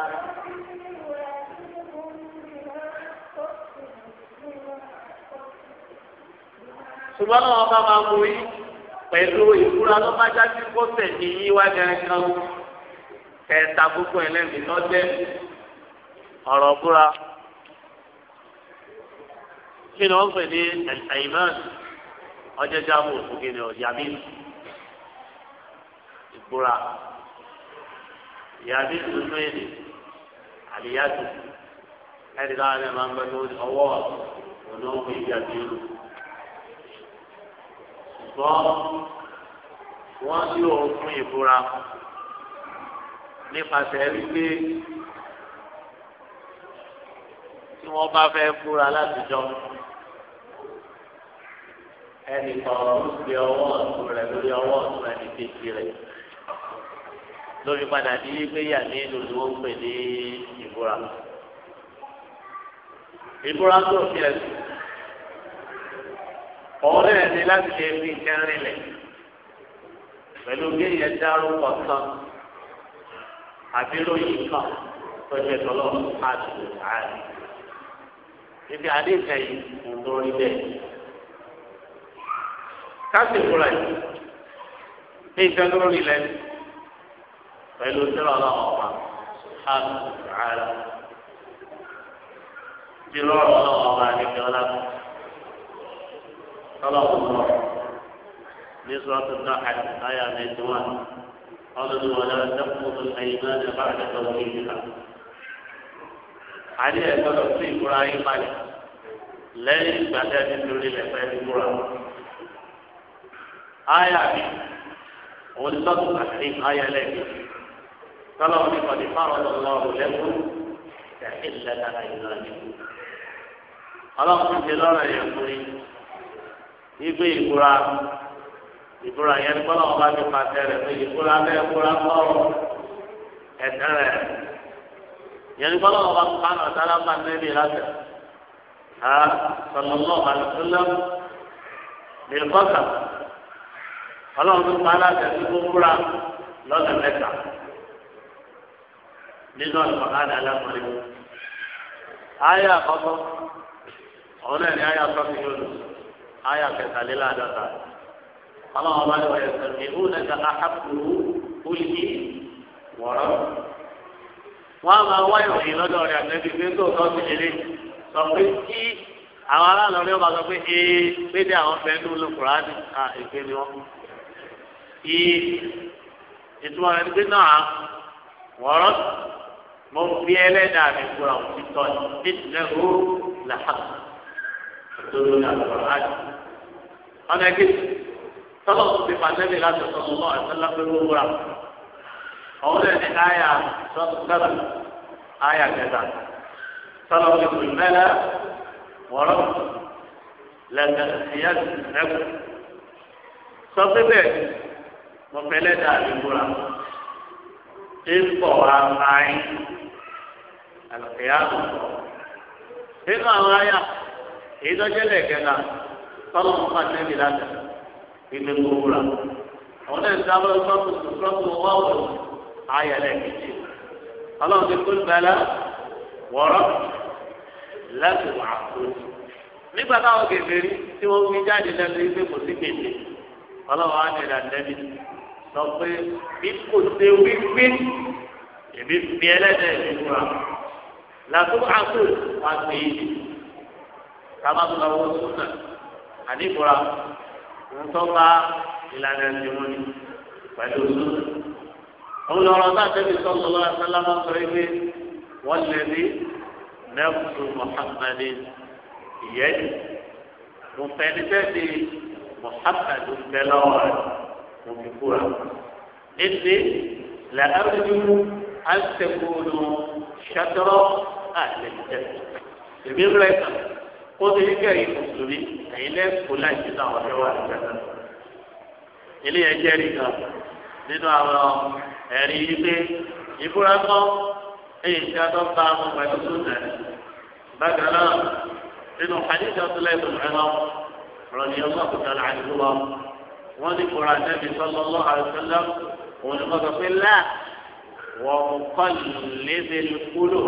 ṣùgbọ́n náà wọ́n bá máa mú yín pẹ̀lú ìfúra tó bá jáde kó tẹ̀lé wá gẹ́gẹ́ kẹta gbogbo lọ́jẹ́ ọ̀rọ̀ búra kí ni wọ́n pè ní ẹ̀yìnmán ọjọ́ jáwọ́ òkú ni ọ̀yà mi ìbúra ìyá tuntun èdè àdìyá tuntun ẹ̀ẹ́dì láwọn ẹ̀ máa ń gbẹ́ sọ wọ́n yóò fún ìbúra nípasẹ̀ wípé tí wọ́n bá fẹ́ búra látijọ́ ẹnì kan ló ọwọ́ ọ̀tún rẹ̀ lórí ọwọ́ ọ̀tún ẹnì kejì rẹ̀ lórí padà ní wípé yàtí lòlúwọ́ pè ní ìbúra ìbúra tó fi ẹ̀sùn òun náà ní láti lè fi nǹkan rinlẹ̀ pẹ̀lú géèyàn dárúkọ kan àbí lóyìn kan tó ṣe tọ́lọ́ àti àárẹ̀ ibi àdéhùn yìí kò lórí bẹ́ẹ̀. káṣí ìfura yìí ní ìjọba lórí ilẹ̀ pẹ̀lú sílọ̀ náà ọ̀pá àti àárẹ̀. Ìrọ̀rùn náà ọba àdéhùn ọlá kan. صلاه الله في سورة النحل آية 91 قالوا ولا تقبض الأيمان بعد توكيدها عليه قالوا في إبراهيم عليه ليس بعد أن يقول إبراهيم آية بي ولدت تحريم آية لك قالوا لقد فرض الله لكم تحلة أيمانكم قالوا في جلالة يقول ife ìkura ìkura yẹn ní kọ́lọ́ ọba ti pàṣẹ rẹ̀ pé ìkura bẹ́ẹ̀ kura kọ́rọ̀ ẹ̀tẹ́ rẹ̀ yẹn ní kọ́lọ́ ọba kánà sálábà níbi ìlàsẹ̀ ha sọlọ́lọ́ àlùfẹ́lẹ́ nìkọ́sà ọlọ́run tó pa aláṣẹ tó kó kura lọ́sẹ̀ mẹ́ta nínú ọ̀sán àná alámọ̀lẹ́ ayé àkọ́kọ́ ọ̀hún ẹ̀ ayé àkọ́kọ́ yóò lò sí aya kẹtàléláàdọ́ta ọlọ́wọ́n bá lọ ẹ̀sẹ̀ ìlú nẹ̀ka àhàkùrù olùkí wọ̀rọ̀ wọn a máa wáyọ̀ yìí lọ́dọ̀ rẹ̀ àtẹ́bí pé tó tọ́ sí ilé sọ pé kí àwọn aláàlọ́rẹ́ ọba sọ pé ee pédé àwọn fẹ́ ní olùkùránì à èké ni wọ́n ee ìtumọ̀ rẹ̀ ni pé náà wọ̀rọ̀ mo fi ẹlẹ́dàá mi kúrò àwọn títọ́ ìdílé ru làhàkùrù lórí ní àlùfáà láti. ọ̀nà kejì tọ́lọ̀ tó fi pàtẹ́lì láti sọ̀rọ̀ náà ẹ̀sẹ̀lá pẹ̀lú wúra. ọ̀hún lè ní àyà sọ́tùkẹ́lá àyà kẹta. tọ́lọ̀ tó fi mẹ́lẹ̀ wọ̀rọ̀ lẹ́sẹ̀ ìyá ẹ̀kú. sọ pé bẹ́ẹ̀ mo fẹ́ lẹ́dà àdúgbòrà. ìpọ̀ wa máa ń àlùfáà. nínú àwọn àyà èyí tó jẹ́ lẹ́ẹ̀kẹta tọ́lọ́ ń fa nẹ́ẹ̀mí láti ìgbẹ́ gbogbo rà àwọn náà ń dábọ̀ sọ́tù sọ́tù wọ́wọ́ ayẹ̀ lẹ́ẹ̀kejì ọlọ́run ti kú bẹ́lẹ́ wọ́rọ́ láti wà kú nígbà táwọn kèfèrí tí wọ́n fi jáde lẹ́nu ìgbẹ́ kò sí gbèsè ọlọ́run á nìyẹn àtẹ́bí sọ pé bí kò ṣe wípé èmi fi ẹlẹ́dẹ̀ẹ́ ìfura làtúwà kú wá ìdí kábàtúlà owó súnà àdìbòrà ńtọ́ka ìlànà ìdìbò ni pẹ̀lú súnà. òun lọ́rọ̀ náà tẹ́lẹ̀ sọ́kọ̀ lọ́wọ́ sálámà sọ pé wọ́n lè ní nẹ́fù Muhammad ìyẹn mo fẹ́ ní tẹ́lẹ̀ Muhammad bẹ́lọ́wọ́ rẹ̀ mo fi kúra. ètè làárẹ̀dùnú àti tẹ̀kùnù ṣàtọ́rọ̀ àlẹ́ tẹ̀kùnù. èmi rẹ̀ kàn kó o ti ní kẹrin mùsùlùmí ẹ̀yin lẹ́kọ̀ọ́ láì sí àwọn ọ̀dọ́ wa nígbà náà. ilé yẹn jẹ́rìí kan nínú àwọn ẹ̀rí yìí pé ìbúra kan èyí tí a tó bá wọn pẹ̀lú sódà bákan náà nínú hadith ọ̀túnlẹ̀ ìbùdókòwò rọ̀lì ọlọ́kùnrin àdúgbò wọn ti kóra nẹ́bí sọ́lọ́lọ́ àdúgbò òun ni wọ́n sọ pé láà wọ́n kọ́ lébèlú kúlò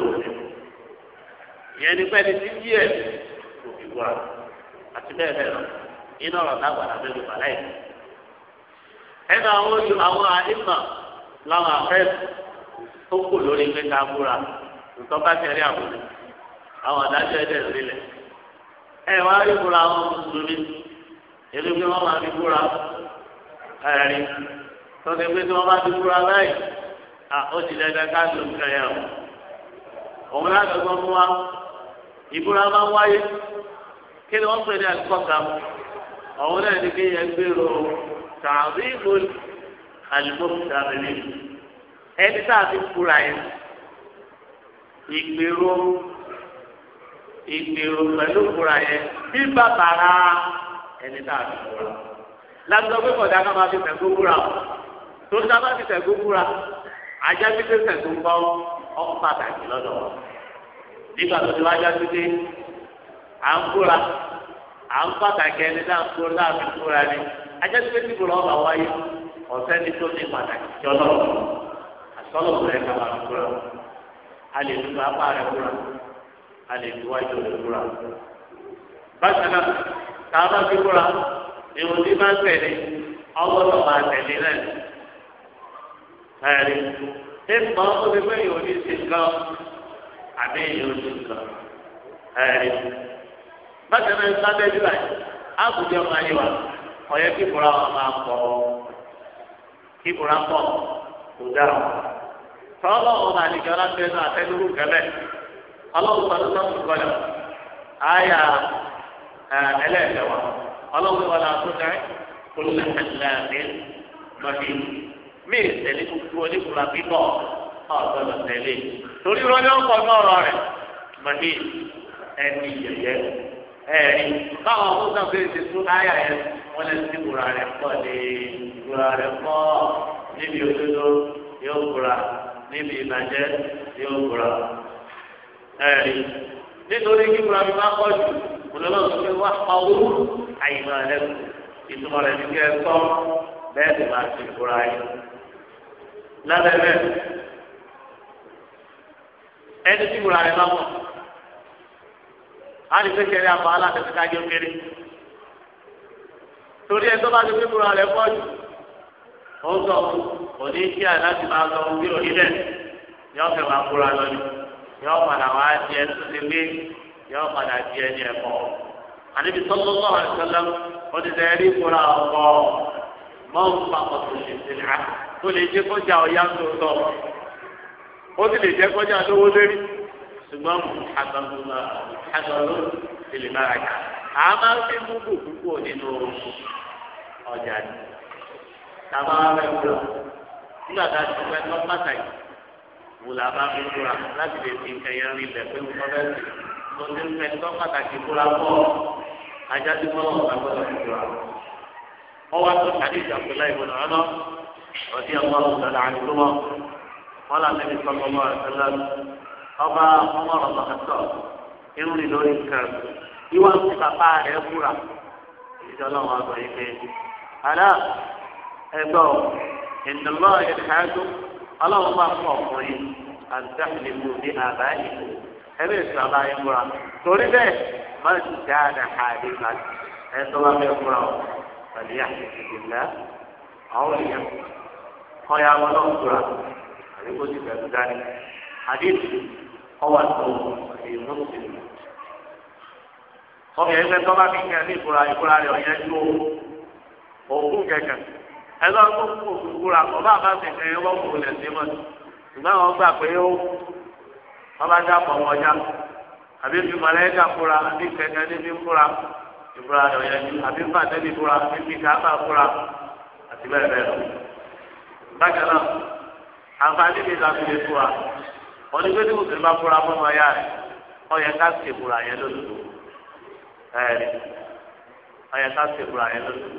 ni pẹ́ẹ́ni ti yí ìtura àti bẹ́ẹ̀ bẹ́ẹ̀ lọ iná ọ̀rọ̀ lágbàdá bẹ́ẹ̀ lùbà láì sí. ẹnu àwọn oṣù àwọn àdìmọ̀ làwọn afẹ́ tó kù lórí pé ká búra nǹkan bá tẹ̀lé àwọn ni àwọn àdájọ́ ẹ̀dẹ̀ rílẹ̀. ẹ wá rí búra àwọn mùsùlùmí èlé pé wọ́n máa fi búra ẹ̀rí tọ́jú pé tí wọ́n bá fi búra láì ó ti dẹ́gbẹ́ ká ló ń kẹ́yà o. òun láti gbọ́ fún wa ìbúra máa ń wáyé kí ni wọ́n pè ní àlùkọ́ta ọ̀hún náà ní kí yẹn gbèrò tààrí ìlú àlùmọ́tà rẹ̀ ẹni tá a ti kúra yẹn ìgbèrò ìgbèrò pẹ̀lú kúra yẹn bí bàbàrà ẹni tá a lásìkò pé kọ̀dá ká máa fi tẹ̀gbó kúra tó ń dábàá fi tẹ̀gbó kúra ajá pípé tẹ̀gbó ń bá pàtàkì lọ́dọ̀ nígbà tó ti wá ajá pípé. à ń kóra à ń pàtàkì ẹni náà kóra náà fi kóra ni wáyé ọ̀sẹ́ ni tó ní pàtàkì tí kóra a lè lu apá rẹ̀ kóra a lè lu wájú rẹ̀ kóra. bákan náà tá fi kóra ìwọ̀n tí ń tẹ̀lé máa tẹ̀lé náà ẹ̀rí ó ti fẹ́ ìwọ̀n kan àbí kan ẹ̀rí. bákan náà sábẹ́ jù láì àbùjọ máa yẹ wà ọ̀yẹ́ kí ìfura wọn máa pọ̀ kí ìfura pọ̀ kò dára tọ́lọ́ ọ̀nà àlejò alábẹ́nu àtẹnudù kẹlẹ́ ọlọ́run pàtó sọ́kùn kọlẹ̀ àyà ẹlẹ́ẹ̀kẹwà ọlọ́run wọn làásù dẹ́ kólé ẹlẹ́ẹ̀mí lọ́dí mí tẹ̀lé kúkú oníkùnrin bíbọ̀ ọ̀gbọ́dọ̀ tẹ̀lé torí rọ́lẹ́ ọkọ̀ náà rọ̀ rẹ̀ lọ́dí ẹni yẹ̀yẹ́. ẹ̀rí báwọn ọ̀hún náà fẹ́ẹ́ ti tún láyà yẹn wọ́n lè ti bùrà rẹ̀ pọ̀ ní bùrà rẹ̀ pọ̀ níbi òdodo yóò bùrà níbi ìbàjẹ́ yóò bùrà ẹ̀rí nítorí kí bùrà mi bá pọ̀ jù olólùwà tó fi wá ọwọ́ àyìnbá ìtumọ̀ tọ́ bẹ́ẹ̀ máa ti yẹn lábẹ́ bẹ́ẹ̀ ẹni tí pọ̀. a lè fẹ́ a àbọ̀ aláàtẹ̀sí kájọ kéré torí ẹ tó bá ti fífura rẹ pọ̀ jù ó sọ kò ní kí àná ti máa ohun tí ò yọ fẹ́ wàá kóra lọ ni yọ padà wá di ẹ tó ti gbé yọ padà di ẹ ní ẹ̀kọ́ àníbi sọ́kọ́kọ́ àìsọ́lá ó ti sẹ́ rí ihe ọkọ̀ mọ́wù papọ̀ tó ṣe tó lè jẹ́ ṣùgbọ́n àgbàgbà àgbàló ti lè mára jà á máa fi gbogbo púpọ̀ nínú ọjà ni tàbá rẹ̀ wúlò nígbà tá a ti pẹ́ lọ́ pàtàkì wùlà bá fi múra láti lè fi kẹyàn rí ilẹ̀ pé wọ́n fẹ́ sí mo ti pẹ́ lọ́ pàtàkì múra pọ̀ ajá tí wọ́n wà gbọ́dọ̀ fi múra ọwọ́ àti ìtàdé ìjàpẹ́lá ìbọn ọ̀nà ọ̀dí àwọn ọ̀sán àdúgbò wọn làwọn ẹni sọ́kọ́ ọba ọmọ rẹ̀ lọ́kàtọ̀ irú ni lórí nǹkan ìwà ń fi bàbá rẹ̀ búra ìjọ ọlọ́run ọgbà yìí pé àdá ẹgbọ́ ìdùnnú ìdájọ́ ọlọ́run bá fún ọkùnrin àdáhìlẹ́kù ní àbá ìlú ẹbí ìsìn àbá yìí búra torí bẹ́ẹ̀ má ti dáadáa ha ní ìbàdí ẹ̀ tó bá fẹ́ búra ọ̀ pẹ̀lú yàtọ̀ ìdìbò àwọn èèyàn kọ́ ya wọn náà búra àdéhùn ti dání àdéhùn ọwọ́ àti èyí mùsùlùmí. obìnrin pé tọ́ba fi kẹ́ ní ìfura ìfura rẹ̀ ọ̀yẹ́ tó òkú kẹ̀kẹ́ ẹ lọ tó kú òkú kúra ọba àbá ti kẹ́ ẹ wọ́n kú lẹ̀ sí mọ́ ṣùgbọ́n àwọn gbà pé ó ọba já pọ̀ wọ́n já àbí fi mọ̀lẹ́kà kúra àbí kẹ̀kẹ́ níbi kúra ìfura rẹ̀ ọ̀yẹ́ tó àbí fàtẹ́ níbi kúra àbí fi káfà kúra àti bẹ́ẹ̀ bẹ́ẹ̀ lọ. bákan náà àǹfààní mi làbí lè fura wọ́n ní pé tí mùsùlùmí bá fúra fún ọmọ ya rẹ̀ ọyẹ ká sì ìbúra yẹn lódodo ẹ̀rí ọyẹ ká sì ìbúra yẹn lódodo.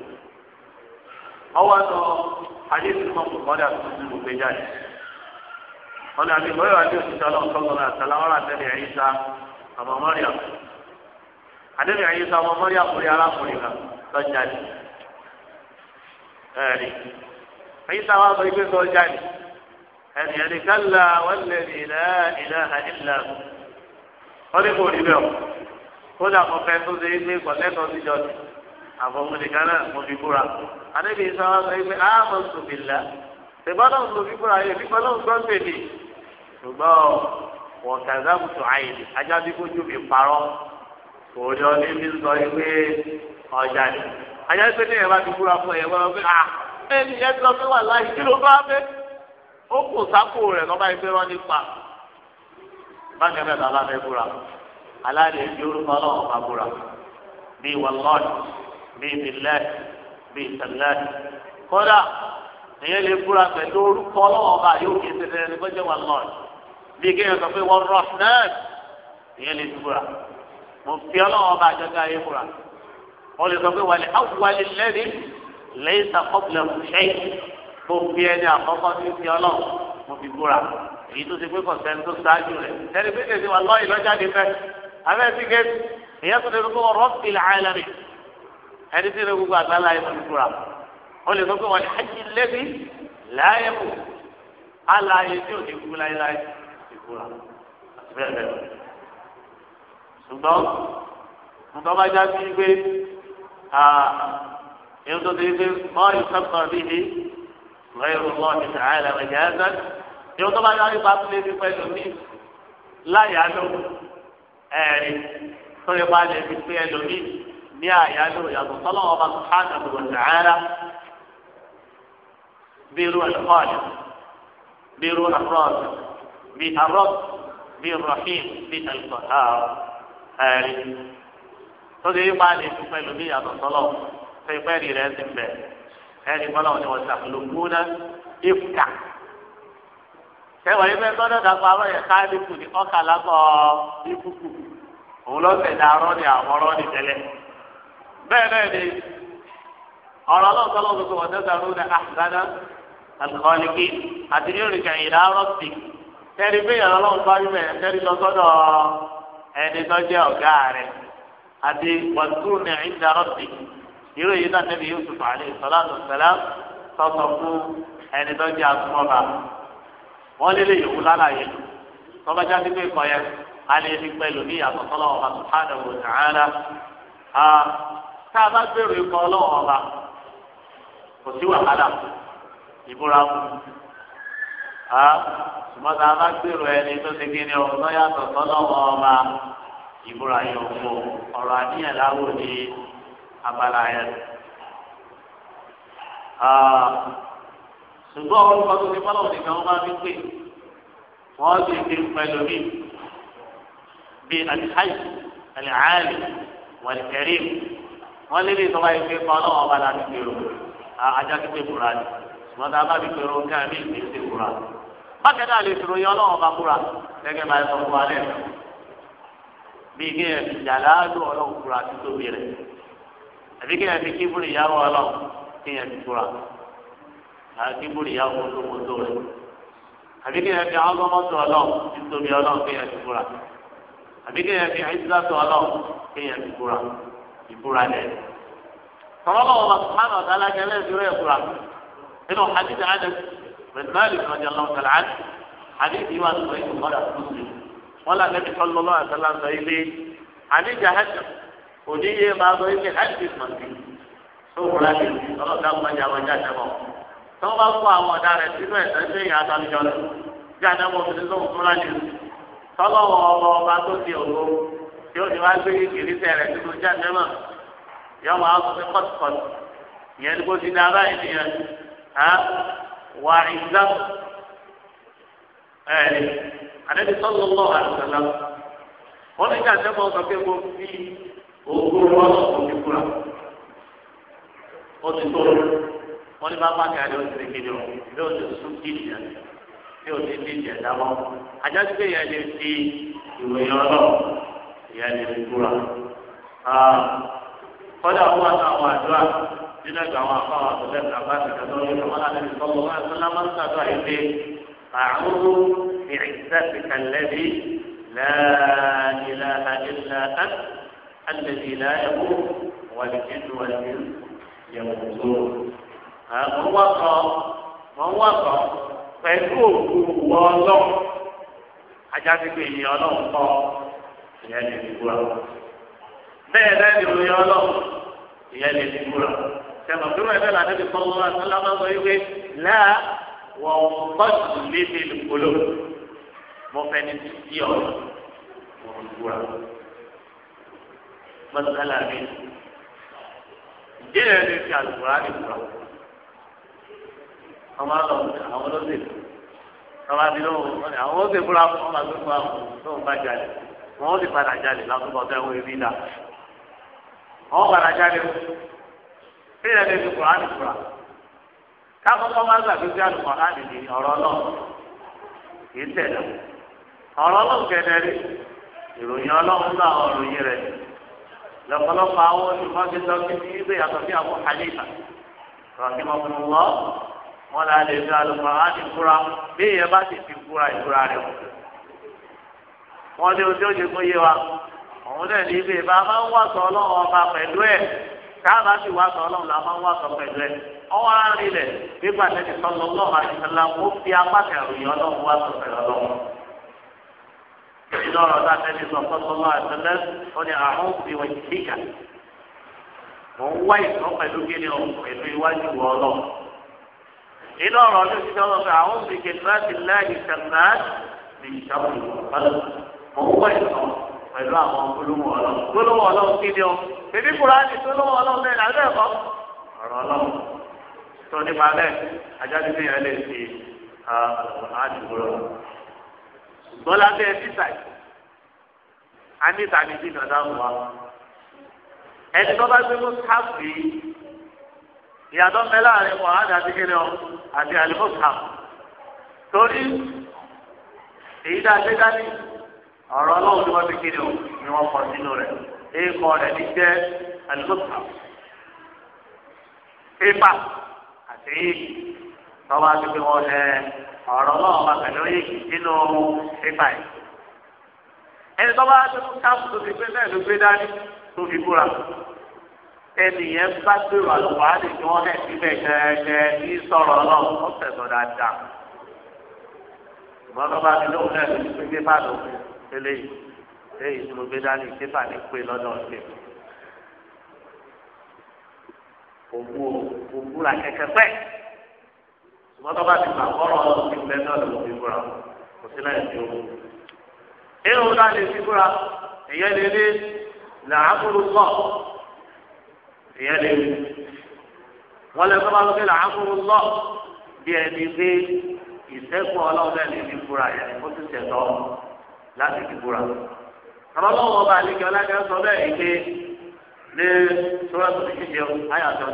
ọwọ́ sọ ayé tí wọ́n kò mọ́dà tó ti lù gbé jáde. wọ́n ní àbí ìbọ̀yọ̀ àti òṣìṣẹ́ ọlọ́kọ̀ọ́kọ́ àtàláwọ́rà tẹ́lẹ̀ ẹ̀yìn sá ọmọ mọ́ríà. àdébìyà yìí sá ọmọ mọ́ríà kúrẹ́ arákùnrin kan lọ́jà ẹ̀rí. ẹ̀yìn sá wa sọ ìgbésọ̀ jáde ẹni ẹni kálá wọlé ní ilẹ̀ ilẹ̀ ilẹ̀ wọn ní kò rí bẹ́ẹ̀ o kódà mo fẹ́ tó ṣe é gbé pọ̀lẹ́tọ̀ síjọ́ ni àfọmọdékan náà mo fi búra anábì sọ wọn sọ pé àmọ́ sùbìlà tìbọ́lọ́ ń lo fi búra yẹ fi bọ́lọ́ ń tèmi ṣùgbọ́n wọn kàzá mùtò àyèlè ajá bí kójú mi parọ́ òòjọ́ ní mi sọ pé ọjà ni ajá pé ní ẹ̀ bá ti búra fún ẹ̀ wọ́n pé à ẹni ẹ̀ sọ pé wà láì kí ló bá fẹ́. ó kù sápò rẹ̀ lọ́ba ẹgbẹ́ wọn nípa báńkì ẹgbẹ́ tó aláfẹ́ búra aláàdé fi orúkọ ọlọ́run bá búra bíi wàlọ́ọ̀dì bíi bìlẹ̀ bíi tẹ̀lẹ̀ kódà èyí lè búra pẹ̀lú orúkọ ọlọ́run bá yóò kí ẹsẹ̀ tẹ̀lẹ̀ lọ́jọ́ wàlọ́ọ̀dì bíi kéèyàn sọ pé wọ́n rọ̀ náà èyí lè búra mo fi ọlọ́run bá jọ́gá yé búra wọ́n lè sọ pé wàlẹ́ gbogbo ẹni àkọ́kọ́ tí ń fi ọlọ́run mo fi búra èyí tó ti pé kọ̀sẹ́ni tó ṣáájú rẹ̀ ẹni pé kèsì wà lọ́yìn lọ́jáde fẹ́ abẹ́ ti gé èyí tó ti pé wọ́n rọ́ọ̀tì àìlẹ́rì ẹni tí ìrẹ́ gbogbo àgbáńlá yẹn mo fi búra ó lè sọ pé wọ́n ṣáàjì lẹ́bi láyé kù aláyé tí ò ní kú láyéláyé ti búra bẹ́ẹ̀ bẹ́ẹ̀ lọ. ṣùgbọ́n nǹkan bá já sí pé èyí tó ti pé mọ́ غير الله تعالى مجازا yóò tó bá yọ ayé pàtó lé fífẹ́ lómi láyàálò ẹ̀rí tó lè bá lè fi fẹ́ lómi ní àyàálò yàtọ̀ sọ́lọ́ ọba sùhánà ló wọ̀n sàárà bí irú ẹ̀kọ́ọ̀lì bí irú àrọ́ọ̀sì bí àrọ́ọ̀sì bí rahim bí alkọ̀tàr ẹ̀rí tó lè bá lè fi fẹ́ lómi yàtọ̀ sọ́lọ́ fẹ́ fẹ́ rí rẹ̀ ti bẹ̀rẹ̀ ẹni kọ́ làwọn ni wọ́n sàkóso gbóná ìfúta. sẹ́wọ̀n yìí fẹ́ gbọ́dọ̀ dàgbà àwọn yẹn káàdì kù ní ọkà lágbọ̀ ìkúkù òun ló fẹ́ da arọ́ ni àwọn ọ̀rọ̀ ni tẹ́lẹ̀. bẹ́ẹ̀ bẹ́ẹ̀ ni ọ̀rọ̀ ọlọ́ọ̀tọ́ lọ́gbọ̀gbọ̀ wọ́n dẹ́gbà ló ní àgbàdá alùpàlùkì àti ìrìnkà ìlà rọ́ọ̀tì tẹ́lẹ̀ bí ọlọ́run irú èyí náà nẹ́bí Yusuf alẹ́ ìsọlá lọ́sẹ̀lá sọ̀tọ̀ fún ẹni tó jẹ́ àtúmọ̀ba wọ́n lélẹ̀ yòówù lálàyé tọ́bajá sí pé kọ́yẹ alẹ́ ní pẹ̀lú ní ìyàtọ̀ sọ́lọ́wọ́ ọba subhanahu wa ta'ala tá a bá gbèrò ikọ̀ ọlọ́wọ́ ọba kò sí wàhálà ìbúra mu ṣùgbọ́n tá a bá gbèrò ẹni tó ti kíni ọ̀rọ̀ yàtọ̀ sọ́lọ́wọ́ ọba ìbúra yòówù ọ̀rọ̀ àníyàn láwò ní abala yẹn. Ah, ṣùgbọ́n orúkọ tó ti fọ́lọ́ òní kan máa ń pè wọ́n sì ti pẹ̀lú mi bíi alihaj alihali wàlìkẹrìm wọ́n lé ní ìtọ́wá ìpè kan náà wọ́n bá pèrò ajá pípé bùrà ni ṣùgbọ́n tá a bá fi pèrò nǹkan mi kì í ṣe bùrà. lè ṣòro yọ ọlọ́wọ́n bá búra gẹ́gẹ́ bá ẹ sọ fún wa lẹ́nu bíi kí ẹ jàlá lù ọlọ́wọ́n búra títóbi rẹ̀ àbí kéèyàn fi kíbùrù ìyàwó ọlọ́run kéèyàn fi tura àbí kíbùrù ìyàwó mọ́tòmọ́tò rẹ̀ àbí kéèyàn fi àwọn mọ́tò ọlọ́run nítorí ọlọ́run kéèyàn fi tura àbí kéèyàn fi àìsíláàtọ̀ ọlọ́run kéèyàn fi tura ìbúra lẹ̀. tọ́lọ́lọ́ wọn sùpánù ọ̀tá alájẹ lẹ́sùrẹ́ ìbúra nínú hadith adams rẹ̀dùmáàlì ìfọ̀jà lọ́wọ́ tẹ̀lé àti hadith yìí wà lórí ìfọ̀jà tó òní yé máa sọ wípé láti fi mọ̀tì tó ọlọ́dà tó bá kó àwọn ọ̀dà rẹ̀ sínú ẹ̀sẹ̀ àtàlùjọ rẹ̀ bí tó ń fúnra ọmọ ọba tó tí ó ti wá gbé rẹ̀ yọ máa sọ pé kọ́tùkọ́tù ìyẹn kó ti dá báyìí nìyẹn. ogún wọn lọ fún kíkúrà ó ti tó wọn ní bàbá kí adé ó ti kéde o bí ó ti sún kí ìjà bí ó ti ní pé ìyá lè fi ìròyìn ọlọ ìyá lè fi kúrà kọ́dà wọn àtàwọn àdúrà nínú ẹgbẹ́ àwọn afáwọn àtọ̀lẹ́ ìgbàgbà ìgbàgbọ́ yóò fọwọ́ láti fi sọ́kọ́ wọn àti sọ́lá máa ń sàdúrà yìí pé àrùn ìrìnsẹ́sì kàlẹ́bí lẹ́ẹ̀ẹ́dìlẹ́ àdìlẹ́ àdìlẹ́ الذي لا يموت والجن والجن يموتون من وقع من وقع فيقول والله ajásí pé ìyẹn ọlọ́run kọ́ ìyẹn lè fi búra bẹ́ẹ̀ lẹ́yìn ìròyìn ọlọ́run ìyẹn lè fi búra sẹ́nu bí wọ́n ẹ̀ bẹ́ẹ̀ lànà ti kọ́ wọn àti ọlọ́run máa ń sọ wípé láà wọ́n bọ́ọ̀sì lédè lùkọ́lọ́ mo fẹ́ ní ti di ọ̀rọ̀ mo fi búra. mọ́sálà mi ìdílé rẹ̀ fi àlùkùrá mi kúrò ọmọ àlọ́ àwọn olóṣèlú ọba bí lóhùn àwọn olóṣèlú fúnra fún ọmọ àgbẹ̀kọ àwọn bá jalè ó sì padà jalè lọ́pọ̀lọpọ̀ àwọn olùkọ́ni lọ sí ní ibẹ̀ yàtọ̀ sí àwọn àlejò rọ̀kìmọ̀ fún wọn wọn là lè fi àlùkò àti kúra bí ìyẹn bá sì fi kúra ìkúra rẹ̀ wọn ní ojú òjò kó yé wa òun náà ní ibẹ̀ bá máa ń wà sọ ọlọ́run ọba pẹ̀lú ẹ̀ káàbà sì wà sọ ọlọ́run la máa ń wà sọ pẹ̀lú ẹ̀ ọwọ́ arinlẹ̀ nígbà tẹ́tí sọ́nù ọlọ́run àti sọ́nù ó fi apá kẹrù yọ ọlọ́run wà sọ pẹ̀lú ọlọ́run nínú ọ̀rọ̀ tá a fẹ́ fi sọ fọ́sọ́lá àtẹlẹ́ ó ní àrùn ìwọ̀n ìdíkà mò ń wá ìtàn pẹ̀lú kíni ọ̀ pẹ̀lú iwájú wọ ọ lọ. nínú ọ̀rọ̀ ọdún ti sọ pé àwọn òbíkè láti láàyè sàmà lè ṣàbò ìwọ̀n mò ń wá ìtàn pẹ̀lú àwọn gbólóhùn ọlọ́run gbólóhùn ọlọ́run kíni ọ bèbí kùránì gbólóhùn ọlọ́run bẹ́ẹ̀ lálẹ́ ẹ̀kọ́ ọ̀rọ̀ ọlọ́run tó nípa bẹ́ẹ̀ ajá bọ́lá bẹ́ẹ̀ sísà yìí a ní ìtàní sí ìdọ̀dá wa ẹni tó bá gbé mú káàpì ìyàtọ̀ ń bẹ láàrin wọn àti kéde ọ àti àlùkò káàpì torí èyí dá gbé dání ọ̀rọ̀ ọlọ́run ni wọ́n fi kéde ọ ni wọ́n kọ sínú rẹ̀ èèkọ rẹ̀ ní jẹ́ àlùkò káàpì pépà àti èyí tọ́wọ́ àti pé wọ́n lẹ́ẹ̀ ọ̀rọ̀ náà wà pẹ̀lú yìí nínú pépà yìí. ẹni tó bá tó káàpù tó ti gbé bẹ́ẹ̀ ló gbé dání tó fi búra. ẹnìyẹn bá gbèrò àlùkò àti tí wọ́n hẹ̀ síbẹ̀ gẹ́gẹ́ ní sọ̀rọ̀ náà ó tẹ̀sán dáadáa. ìmọ̀ tó bá ti lóhùn náà ló ti gbé pépà ló fi tẹ́lẹ̀ yìí tẹ́lẹ̀ yìí tó gbé dání pépà ní pé lọ́dọ̀ ọ̀sẹ̀. òkú òkú ṣùgbọ́n tó bá ti gbà kọ́rọ̀ ti bẹ náà lọ́wọ́ fi kò sí láì fi owó. irun náà lè fi ìyẹn lè rí làákùrú sọ ìyẹn lè rí wọn lè fọwọ́ lókè làákùrú sọ bí ẹni pé ìṣẹ́kù ọlọ́run lè fi yẹn kó sì ṣẹ̀tọ́ láti fi búra. àmọ́ lọ́wọ́ sọ bẹ́ẹ̀ ni pé jẹun ayàtọ̀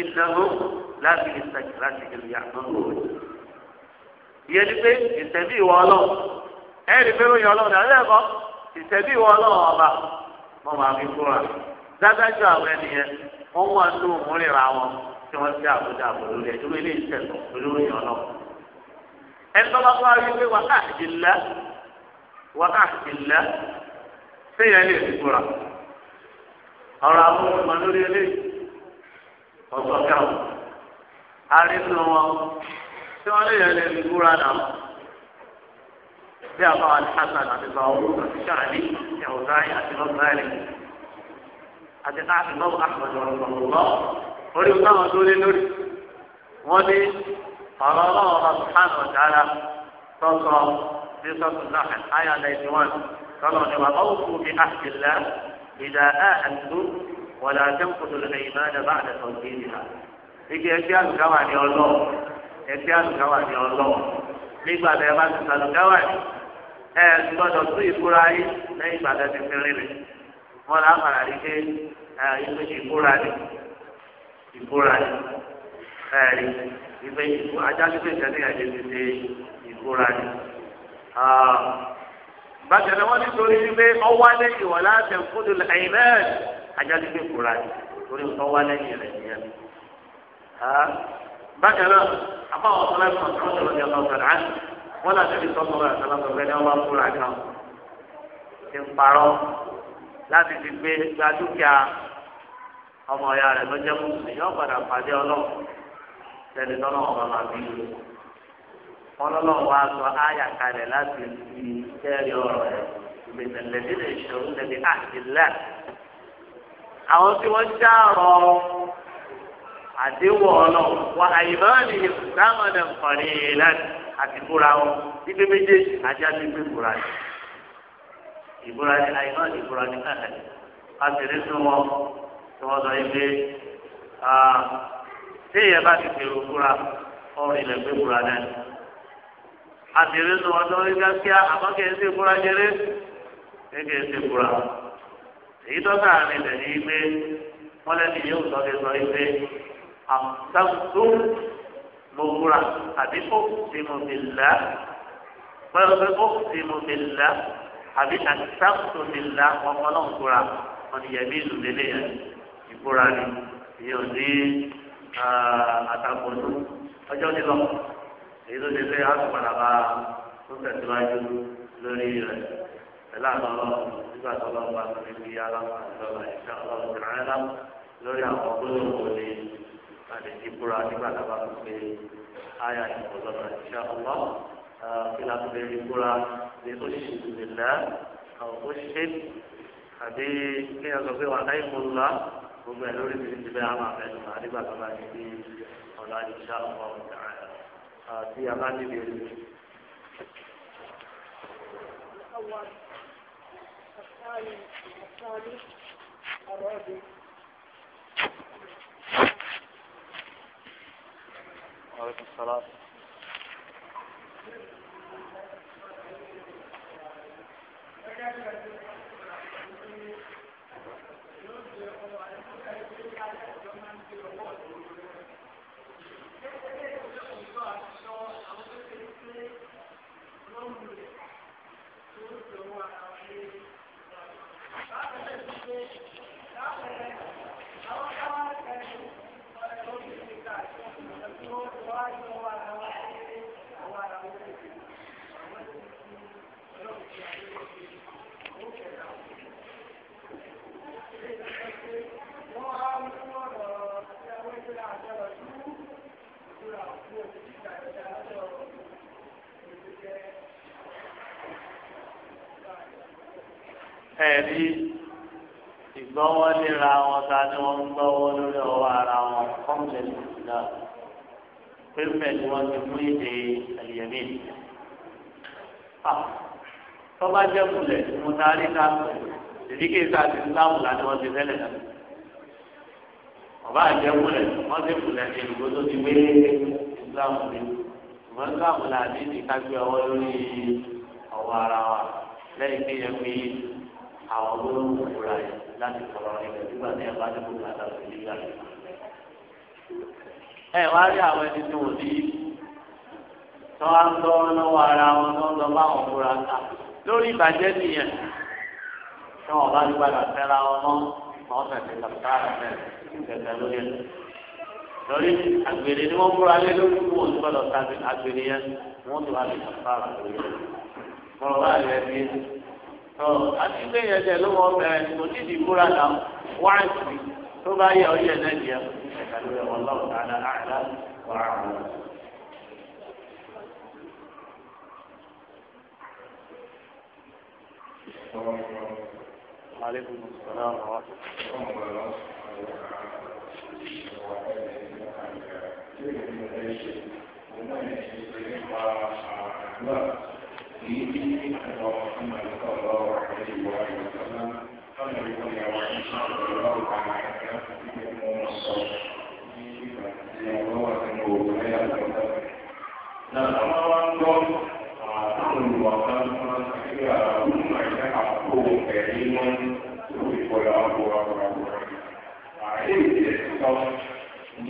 ìṣẹ́kù. láti ìsẹ̀kì láti ìlú yàtọ̀ lóore. ìyẹn ni pé ìsẹ̀bí ìwọ ọlọ́run ẹ̀rí pé ó yẹ ọlọ́run dàbí ẹ̀kọ́ ìsẹ̀bí ìwọ ọlọ́run ọba mọ̀ máa fi kúra dádájọ́ àwọn ẹnìyẹn wọ́n wà ní òmùrìnra wọn tí wọ́n ti àbúdá àbúrò rẹ̀ dúró ilé ìsẹ̀kọ̀ pẹ̀lú ìyọ ọlọ́run. ẹni tó bá kọ́ ayé pé wákàtí ńlá wákàtí lè fi kúra ọ̀rọ̀ àwọn ọmọ lórí eléyìí ọ̀sọ̀ káwọn arínú wọn tí wọn lè yẹ lè fi búra nà wọn bí àbá alhassan àti bàwọ àti sàlẹ yahudai àti lọsàlẹ àti káàtì lọwọ ahmed ọlọmọlọ orí káwọn tó lé lórí wọn ní ọ̀rọ̀ ọlọ́rọ̀ ọsùnhàn ọjàrà tọsọ ní sọtù náà àyà náìtì wọn tọnà ní wà ọwọkù bí àṣìlẹ ìdá ẹ ẹtù wọlé àjẹkùtù lè yìí náà dàbà àdàtọ̀ gbé yìí ike ẹgbẹ́ àlùkáwà ni ọlọ́ ẹgbẹ́ àlùkáwà ni ọlọ́ nígbà tẹ bá ti sàlùkáwà ni ẹ gbọ́dọ̀ tún ìkúra yín lẹ́yìn ìgbà tẹ ti fi rìn rìn wọn là á fara rí pé ẹ ìpè ìkúra ni ìkúra ni ẹ ìpè ìkúra ajá sí pé ìtẹ́lẹ̀ yẹn ti ti ìkúra ni bàtẹ̀lẹ̀ wọn nítorí wípé ọwọ́ lẹ́yìn wọ̀ láti ẹ̀kúndùn ẹ̀yìn náà ajá sí pé ìkúra ni torí ọwọ́ lẹ́yìn rẹ̀ bákan náà àbáwọ̀ sọlá ìfọ̀n tó ń lò ní ọlọ́run sọ̀rọ̀ àti wọn náà tẹ̀lé sọ́kọ̀ rẹ̀ sọlá sọ̀rọ̀ ẹni ọba fúnra kan ti ń parọ́ láti fi gbé gba dúkìá ọmọ ìyá rẹ̀ lọ́jọ́ mùsùlùmí yóò padà àdéhùn ọ̀nà wà àyìnbáàlì dámọ̀nà kọ̀ọ̀nì ìlànà àti ìbúra wọn ibi méjèèjì ajá ti gbé ìbúra ni ìbúra ni àyìnbáàlì ìbúra ni káàkiri káàkiri sún wọn tí wọn sọ yìí pé tí ìyẹn bá ti fèrò ìbúra ọrùn ilẹ̀ gbé ìbúra náà ni àtìrí sún wọn tó ń gbá kíá àmọ́ kì í ṣe ìbúra jẹrẹ kì í ṣe ìbúra èyí tó sáà ní ìbẹ̀ ni pé wọ́n yóò sọ àtàkùtù mọ̀gbúra àbí ọ̀sìmọ̀bìlà pẹ̀lú ọ̀sìmọ̀bìlà àbí àtàkùtùbìlà ọ̀pọ̀lọ́gbúra ọ̀nìyẹ̀mí ìlú lélẹ̀ yẹn ìgbúra ni ìyẹn ò ní àtàkùtù ọjọ́ nílọ èyí ló lè fẹ́ àtúpadà bá tó tẹ̀síwájú lórí rẹ̀ pẹ̀lú àwọn ọlọ́run nígbà tó lọ́wọ́ bá tó lè fi aláǹfààní lọ́wọ́ ìṣẹ́ ọlọ́run lórí àwọn gbólóhùn òní àti ìbúra nígbà tá a bá fi pé àyà ìfọ̀lọ́nà ìṣá ọ̀pọ̀ kí la fi lè ìbúra ní oṣù ìlẹ̀ àwọn oṣù àbí kí ẹ sọ pé wà láì mú la gbogbo ẹ lórí ti ti bẹ́ẹ̀ àmà fẹ́ẹ́ lọ́wọ́ nígbà tó bá ti di ìṣá ọ̀pọ̀ ọ̀tá àti abánibí ẹ̀rọ. الثاني الثالث وعليكم السلام Thank you. ẹ̀rí ìgbọ́wọ́ léra wọn ta ni wọ́n ń gbọ́wọ́ lórí ọwọ́ ara wọn kọ́ńtẹ̀lì náà pépè ni wọ́n ti mú ìdè ẹ̀yẹ̀mí. tọ́ba jẹ́ kulẹ̀ mo ta rí ká ìdíkè ta ti ń sáwù láti wọ́n ti tẹ́lẹ̀ náà. ọba àjẹ́ kulẹ̀ wọ́n ti kulẹ̀ ní ìlú tó ti gbé ìsìlámù ni ìwọ́n sáwù láti ní ká ọwọ́ lórí ọwọ́ ara wa lẹ́yìn tí yẹn fi yìí olówó ìfura yìí láti sọ̀rọ̀ nípa nígbà tí ẹ bá dé kókò àtàkùn nígbà tí. ẹ wá rí àwọn ẹni tí wọ́n ní tó wá ń tọ́ lọ́wọ́ ara wọn tó ń lọ bá wọn fura ta lórí ìbàjẹ́ nìyẹn tó wọn bá gbàgbà fẹ́ra wọn mọ́ wọn tẹ̀sí kàtà rẹ̀ tẹ̀sẹ̀ lórí ẹ̀ lórí àgbèrè ni wọ́n fura lé lórí wọn tó lọ sábẹ́ àgbèrè yẹn wọ́n tó wá lè kàtà rẹ̀ lórí ẹ̀ àti pé yẹn tẹ ló wọ́n bẹ̀rẹ̀ kò ní ìdí kúrà wá sí tó bá yẹ ọ yẹ èyí tí àwọn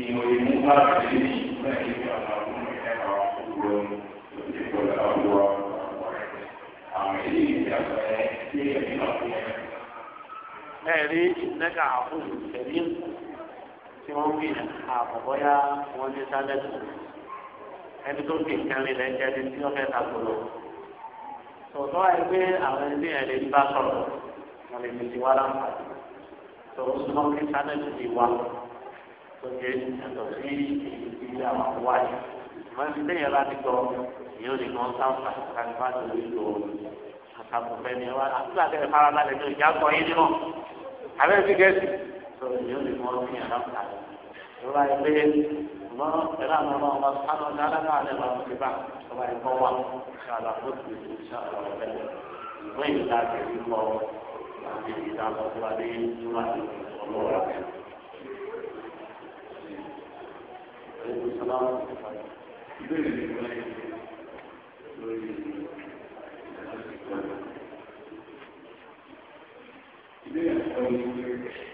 ọmọ ìkọ̀ ẹ̀rí ìnẹ́gà àkóso tẹ̀lé tí wọ́n wí àbọ̀bọ́yá wọn ní sálẹ́tù ẹni tó kì í kẹrin lẹ́jẹ́ ní tí wọ́n fẹ́ ta kúrò. tòótọ́ ẹ pé àwọn ẹni ẹ̀ lè bá sọ̀rọ̀ wọn lè fi wá láǹfààní tòótọ́ súnmọ́ kí sálẹ́tù ti wá tó jẹ́ ìyàtọ̀ sí ìdílé àwọn wáyé. wọ́n ti lẹ́yìn láti gbọ́ ìyóò ní kan sáǹfà láti má tó lè lò àtàkùnfẹ́ ni wá àtúntò àtẹ̀lẹ́ farabalẹ̀ ní ìjà kọ yín nímọ̀ abẹ́ ti gẹ̀ẹ́sì sọ̀rọ̀ yóò lè mọ ọdún yàrá òkà ló bá yẹ pé mọ ẹ̀rọ àwọn ọmọ ọmọ sánú ní alága àlẹ́ bá ti bá ló bá yẹ kọ́ wà ṣàlà ó ti lè ṣàlà ọ̀fẹ́ ìwé ìlà kẹ̀lé kọ́ àti ìlà ọ̀fẹ́ adé túmọ̀ àti ọlọ́wọ́ rẹ̀. Thank you. so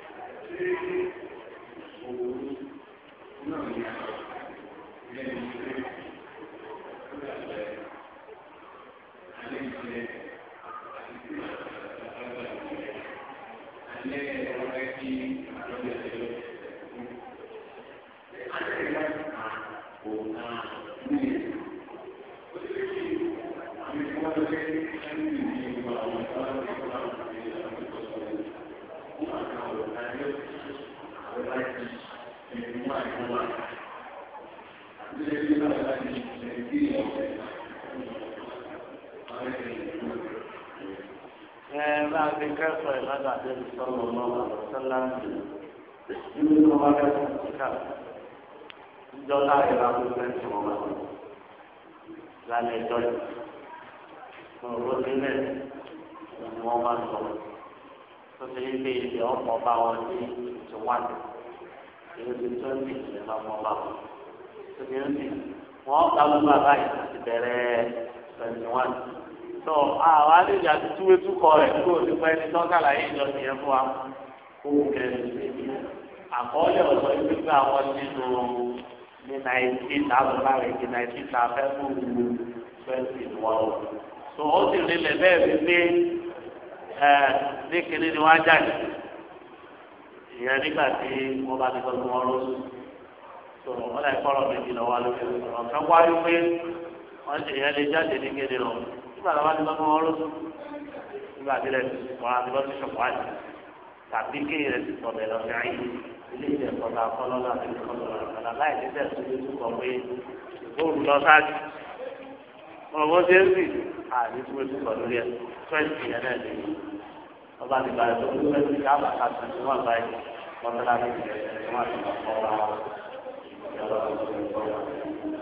ti kẹ́kọ̀ọ́ ìlànà àdébí sọ́lọ́ lọ́wọ́ nínú tó bá kẹ́kọ̀ọ́ síkà ìjọ láàyè lábú fẹ́ǹsì wọn bá lálẹ́ ẹjọ́ yìí òróró nílẹ̀ ni wọ́n máa sọ tó ti rí pé ilé ọmọ bá wọn ní ti wá ìlú ti tó ní ọmọ bá wọn tó ti rí pé wọ́n ká gbogbo àbáyé àti bẹ̀rẹ̀ twenty one tọ ah, àwọn àlejò àti túwétúkọ rẹ kó nípa ẹni tọ́kàlà yìí lọ sí ẹ fún wa kó kẹrin àkọọ́lẹ̀ ọ̀sọ̀ yìí gbígbà wọn nínú ní nineteen thousand five eighty nineteen thousand five hundred twenty one so ó sì rí lẹ bẹ́ẹ̀ fi pé ẹ ní kinní ni wọ́n á jáde ìyẹn nígbà tí wọ́n bá ti sọ fún wọn lọ́sùn so wọ́n lè kọ́ ọ̀rọ̀ méjì lọ́wọ́ alókè ọ̀kan wáyé pé wọ́n ṣe lọ́wọ́ nígbà tó wá ti lọ́mọ ọrọ́ sùn nígbà tí rẹ̀ wọ́n á ti lọ́ sí ṣọ̀pọ̀ àjẹ́ tàbí kí rẹ̀ ti pọ̀ bẹ̀rẹ̀ ọ̀sẹ̀ ayé ilé ìjẹ́ ìkọ̀tà kọ́lọ́lá àti ìkọ̀tà láì ní bẹ́ẹ̀ tó lójú kọ̀ pé bóòlù lọ sáájú ọ̀rọ̀ ṣe ń sì àní tó lójú kọ̀ lórí ẹ̀ fẹ́ǹsì yẹn náà lè ọba ti bàrẹ̀ tó lójú fẹ́ǹsì káàbà kàtà tí wọ́n bá yìí wọ́n tẹ́lá ní ìjẹ́ ìjẹ́ wọn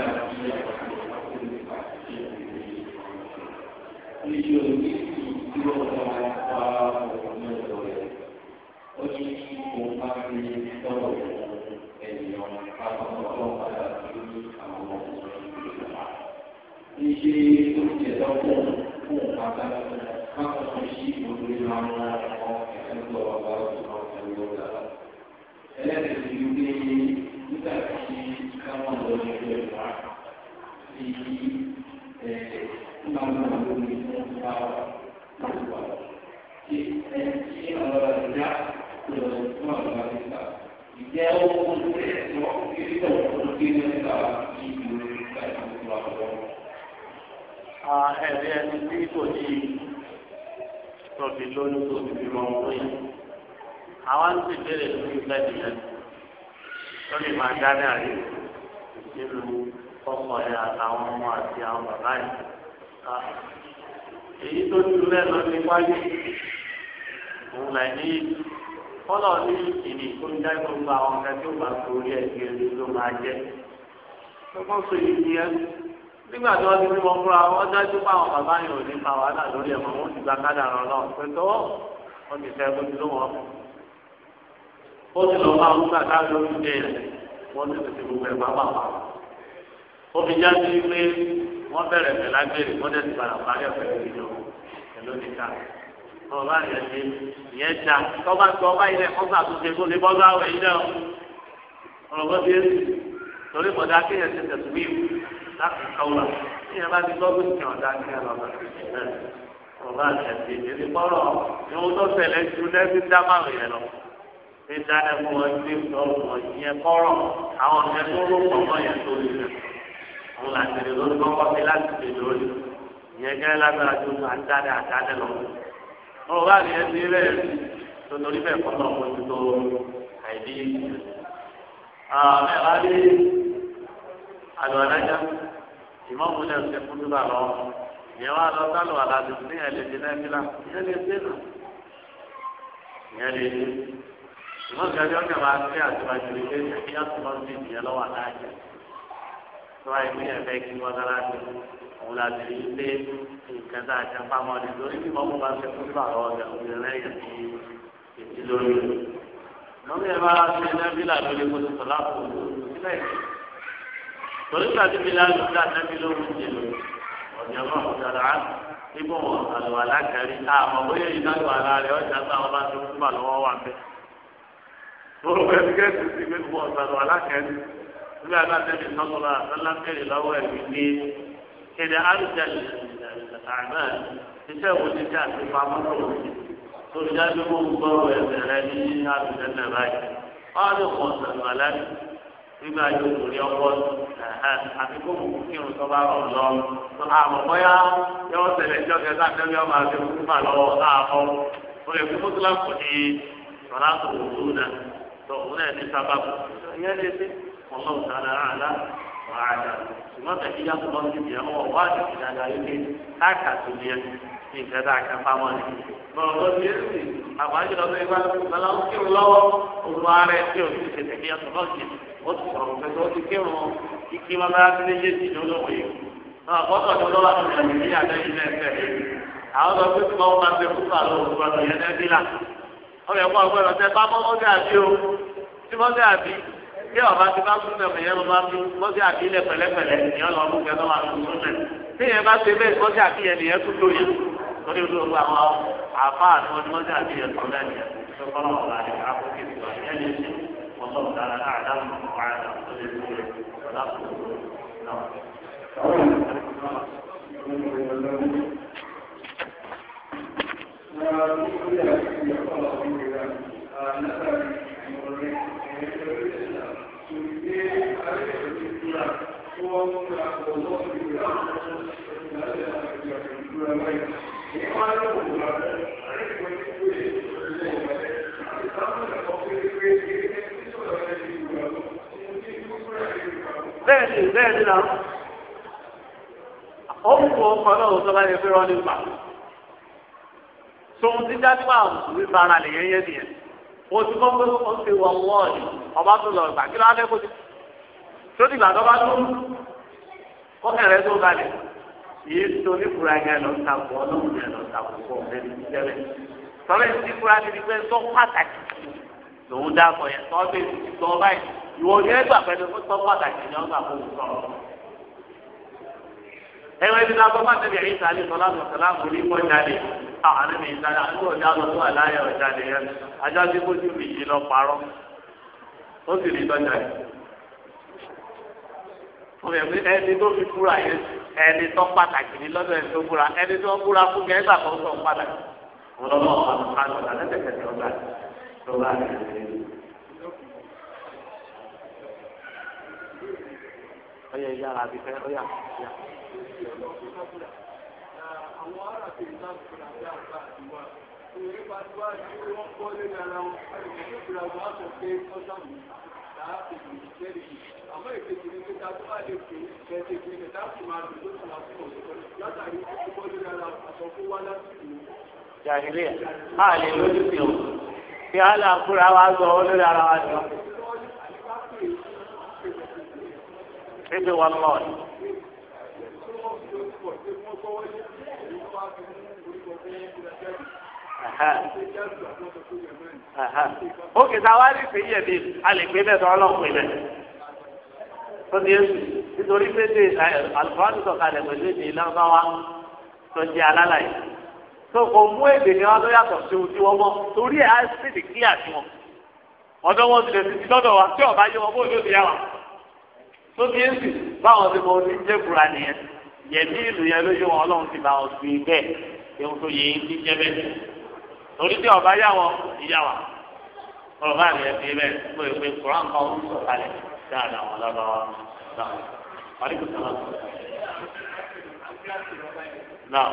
ẹ̀rí ẹni tí kò ní tó fi lóyún tó fi fi mọ ọmọ yìí àwọn ń sì bèrè lórí bẹ́ẹ̀ni yẹn tó lè máa dáná àrí nílùú ọkọ yẹn àtàwọn ọmọ àti àwọn bàbá yìí èyí tó ti lẹ́nu ní wáyé òun là ní kọ́lọ̀ ní ìdí tó ń dá gbogbo àwọn akẹ́kọ̀ọ́ bá torí ẹ̀ kí máa jẹ́ tó sọ yìí ni ẹ́ nígbà tí wọ́n ti bímọ fúnra wọn dájú pé àwọn bàbá yẹn ò ní pa wàhálà lórí ẹ̀mọ́ wọn ti gba kádà rán lọ pẹ̀tọ́ wọn ti fẹ́ bó ti ló wọn. ó ti lọ bá wọn gbà káàdì orí ilé rẹ̀ wọ́n ti tètè gbogbo ẹ̀ máa bà wá. ó fi jáde pé wọ́n bẹ̀rẹ̀ pẹ̀lú agbèrè wọ́n dẹ̀ ti padà parí ọ̀fẹ́ ìjọ pẹ̀lú níta. ọba yẹn ti ìyẹn da tọ́ba tó ọba yẹn ọgbà tó ṣe kó lè bọ́ láti kọ́wà tí ẹ bá ti gbọ́ pé kí ọ̀dà kí ẹ lọ bá ti ṣe náà ọba àti ìdílé kọ́rọ̀ tó fẹ̀lẹ́ ju lẹ́sí dámàrún yẹn lọ. ní dáná fún wọn tí ọ̀rọ̀ wọn yẹn kọ́rọ̀ àwọn ọ̀sẹ̀ tó ló pọ̀ yẹn tó lè rẹ̀. àwọn làtìrì lórí kọ́kọ́ fi láti lè lórí. ìyẹn gẹ́gẹ́ lágbára tó torí bẹ́ẹ̀ kọ́ lọ́wọ́ tó àìdí. àmì àlùwàlájà ìmọ̀mù náà ṣe fún dúró àlọ́ ìyẹn wà lọ sálọ àlàdé ní ẹlẹ́dẹ̀ náà fi là ìyẹn lè dé nù ìyẹn lè dé ìmọ̀ gàdí ọ̀gá máa ṣe àtìwájú ilé ẹ̀kí àtúmọ̀ sí ìyẹn lọ́wọ́ àdáyé tó wáyé pé ẹ̀fẹ́ kí wọ́n dára sí òun là ti rí pé nǹkan tá a jẹ pamọ́ ni lórí bí mọ́mú bá ṣe fún dúró àlọ́ ọ̀gá òun lẹ́yìn sí ẹ̀ torí gbàdú mi la lù dá nàbí lóhùn jèlò ọ̀jọ̀ náà ọ̀jọ̀ra ibò àlọ́ alákẹ́rì àmọ́ bóyá ìdájọ́ ara rẹ̀ ọjà tó àwọn bá tó kú bà lọ́wọ́ wà bẹ́ẹ̀. Bọ́lá bẹ́ẹ̀ gẹ́gẹ́ sí pé kú ọ̀sàlọ́ alákẹ́rì nígbà náà tẹ́lẹ̀ sọ́kọ́lá alákẹ́rì lọ́wọ́ ẹ̀mí ní kéde àrùjá àmọ́ iṣẹ́ wo ti dá sí pamọ́tò tó dájú mọ́ gbọ́rọ̀ ẹ̀sẹ̀ rẹ ní àrùjá náà báyìí. Wọ́n á lè kọ̀ ọ̀sàlọ́ alákẹ́rì nígbà yóò kò ní ọkọ àti kó kò kí irun tó bá rọ lọ àmọ̀kọ́ yá yọ sẹlẹ̀ tí ọ̀kẹ́ sáà tẹ́lẹ̀ ọmọ àti òkú mà lọ́wọ́ àmọ́ o lè fi mọ́tòlá kò ní sọ̀rọ̀ àtò òkú náà tó òun náà ní sábàbù ìyẹn lè fi ọlọ́run sára àlá wàhálà ṣùgbọ́n tẹ̀sí yá sọ̀rọ̀ ní ìyá wọn wá ní ìdájọ́ ayé pé káàkà tó ní ìgbẹ́dá àkàfámọ́ ni bọ̀rọ̀ lọ́sí èsì àbájọ́ lọ́sí ìgbà lọ́wọ́ kí n lọ́wọ́ ó ti sọ̀rọ̀ pẹ̀lú ó ti kírun kíkí wọn bá ti léyè sí lólórí náà gbọ́dọ̀ tó lọ́wọ́ àwọn ìṣẹ̀lẹ̀ ní àdáyé lẹ́sẹ̀ àwọn sọ pé kọ́ máa fẹ́ fún àlọ́ òkúrọ̀ yẹn lẹ́bí là ó yẹ kó ọgbẹ́ lọ sẹ́ bá mọ́ mọ́sẹ̀ àbí o tí mọ́sẹ̀ àbí tí ọba ti bá sún mẹ́mọ̀ yẹn lọ bá fi mọ́sẹ̀ àbí lẹ pẹ̀lẹ́pẹ̀lẹ́ ìyẹn lọ mú kẹ́ والله تعالى اعلم وعلى كل شيء نعم. Thank you. bẹ́ẹ̀ ni bẹ́ẹ̀ ni náà ó ń náà tó bá yẹ pé wọ́n ní gbà. tòun ti dájú máa wí lè nìyẹn o ti kọ́ pé o ti wọ wọ́ọ̀lì ọba tó lọ gbà kí ló á fẹ́ kó ti tó ti gbà tó bá tó tó yìí tó ní fura yẹn lọ yẹn lọ fura ìwọ ni ẹgbà pẹ̀lú fún sọ pàtàkì ni ọgbà fún sọ. ẹwẹ́ bí ẹ̀yìn ní kọ́ jáde àwọn àdúgbò àláyé yẹn ajá lọ parọ́ ó sì rí lọ́jà yìí. fún mi ẹni tó fi kúra yẹn ẹni pàtàkì ní lọ́dọ̀ ẹni tó kúra ẹni tó kúra fún ọyẹ yára bí fẹ́ ọyà. àwọn ará ti ń dáàbò fún àgbà àgbà àdúrà òye pàdúrà tí wọ́n kọ́ lórí ara wọn ẹ̀rọ ìgbà wọn sọ pé ọ̀sán láti lè jẹ́rìí àmọ́ ìkejì ní pé tájú bá lè pè é ẹ̀ẹ́dẹ̀ kí ni táàkì máa lò lóṣù wá sí òṣèlú látàrí púpọ̀ lórí ara àṣọ fún wá láti lò. jàhìlì a lójú sí o bí a lè àkúrà wa lórí ara wa ni wọ́n. níbi wọn lọ ni. ó kì í sá wáyé sí yẹ bí alèpé bẹ́ẹ̀ tó ọlọ́pàá bẹ́ẹ̀ tó di èsì nítorí pé ṣe àlùfáàdù sọ̀kalẹ̀ pẹ̀lú èdè lọ́sọ́wá tó jẹ́ alálàyé tó kò mú èdè ni wọn tó yàtọ̀ sí ohun tí wọ́n mọ̀ torí ẹ̀ á sì dì kílíà sí wọn ọ̀dọ́ wọn ti lè ti lọ́dọ̀ wa tí ọ̀bá yẹ wọn bó ló ti yà wá tó ti ń sìn báwọn ti mọ oníjẹkùrà nìyẹn yẹmí ìlú yẹn ló yẹ wọn Ọlọ́run ti bá wọn fi bẹ́ẹ̀ ewu tó yẹ yín ti jẹ bẹ́ẹ̀ torí tí ọba yà wọn ìyá wa ọ̀rọ̀ bá mi ẹbí bẹ́ẹ̀ mo ìpè kuran kan ń sọ kalẹ̀ dáadáa wọn lọ́dọ̀ náà wọn ni kò sọ náà. náà.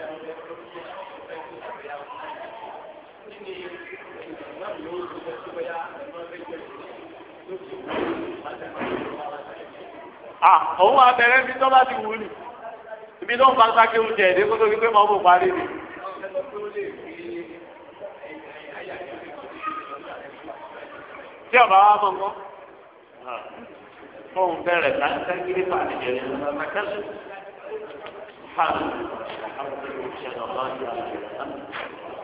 Thank you. à òun abẹ́rẹ́ bí tọ́lá ti wù ní ibi tó ń fa sáké oúnjẹ ẹ̀dẹ́ kó tó fi pé màá bò parí ni. tí ọba wa mọ̀ nǹkan fóun bẹ̀rẹ̀ láńtẹ́ kiri pàdé jẹ̀rẹ̀ lọ́nà kẹ́sì. سبحانه وتعالى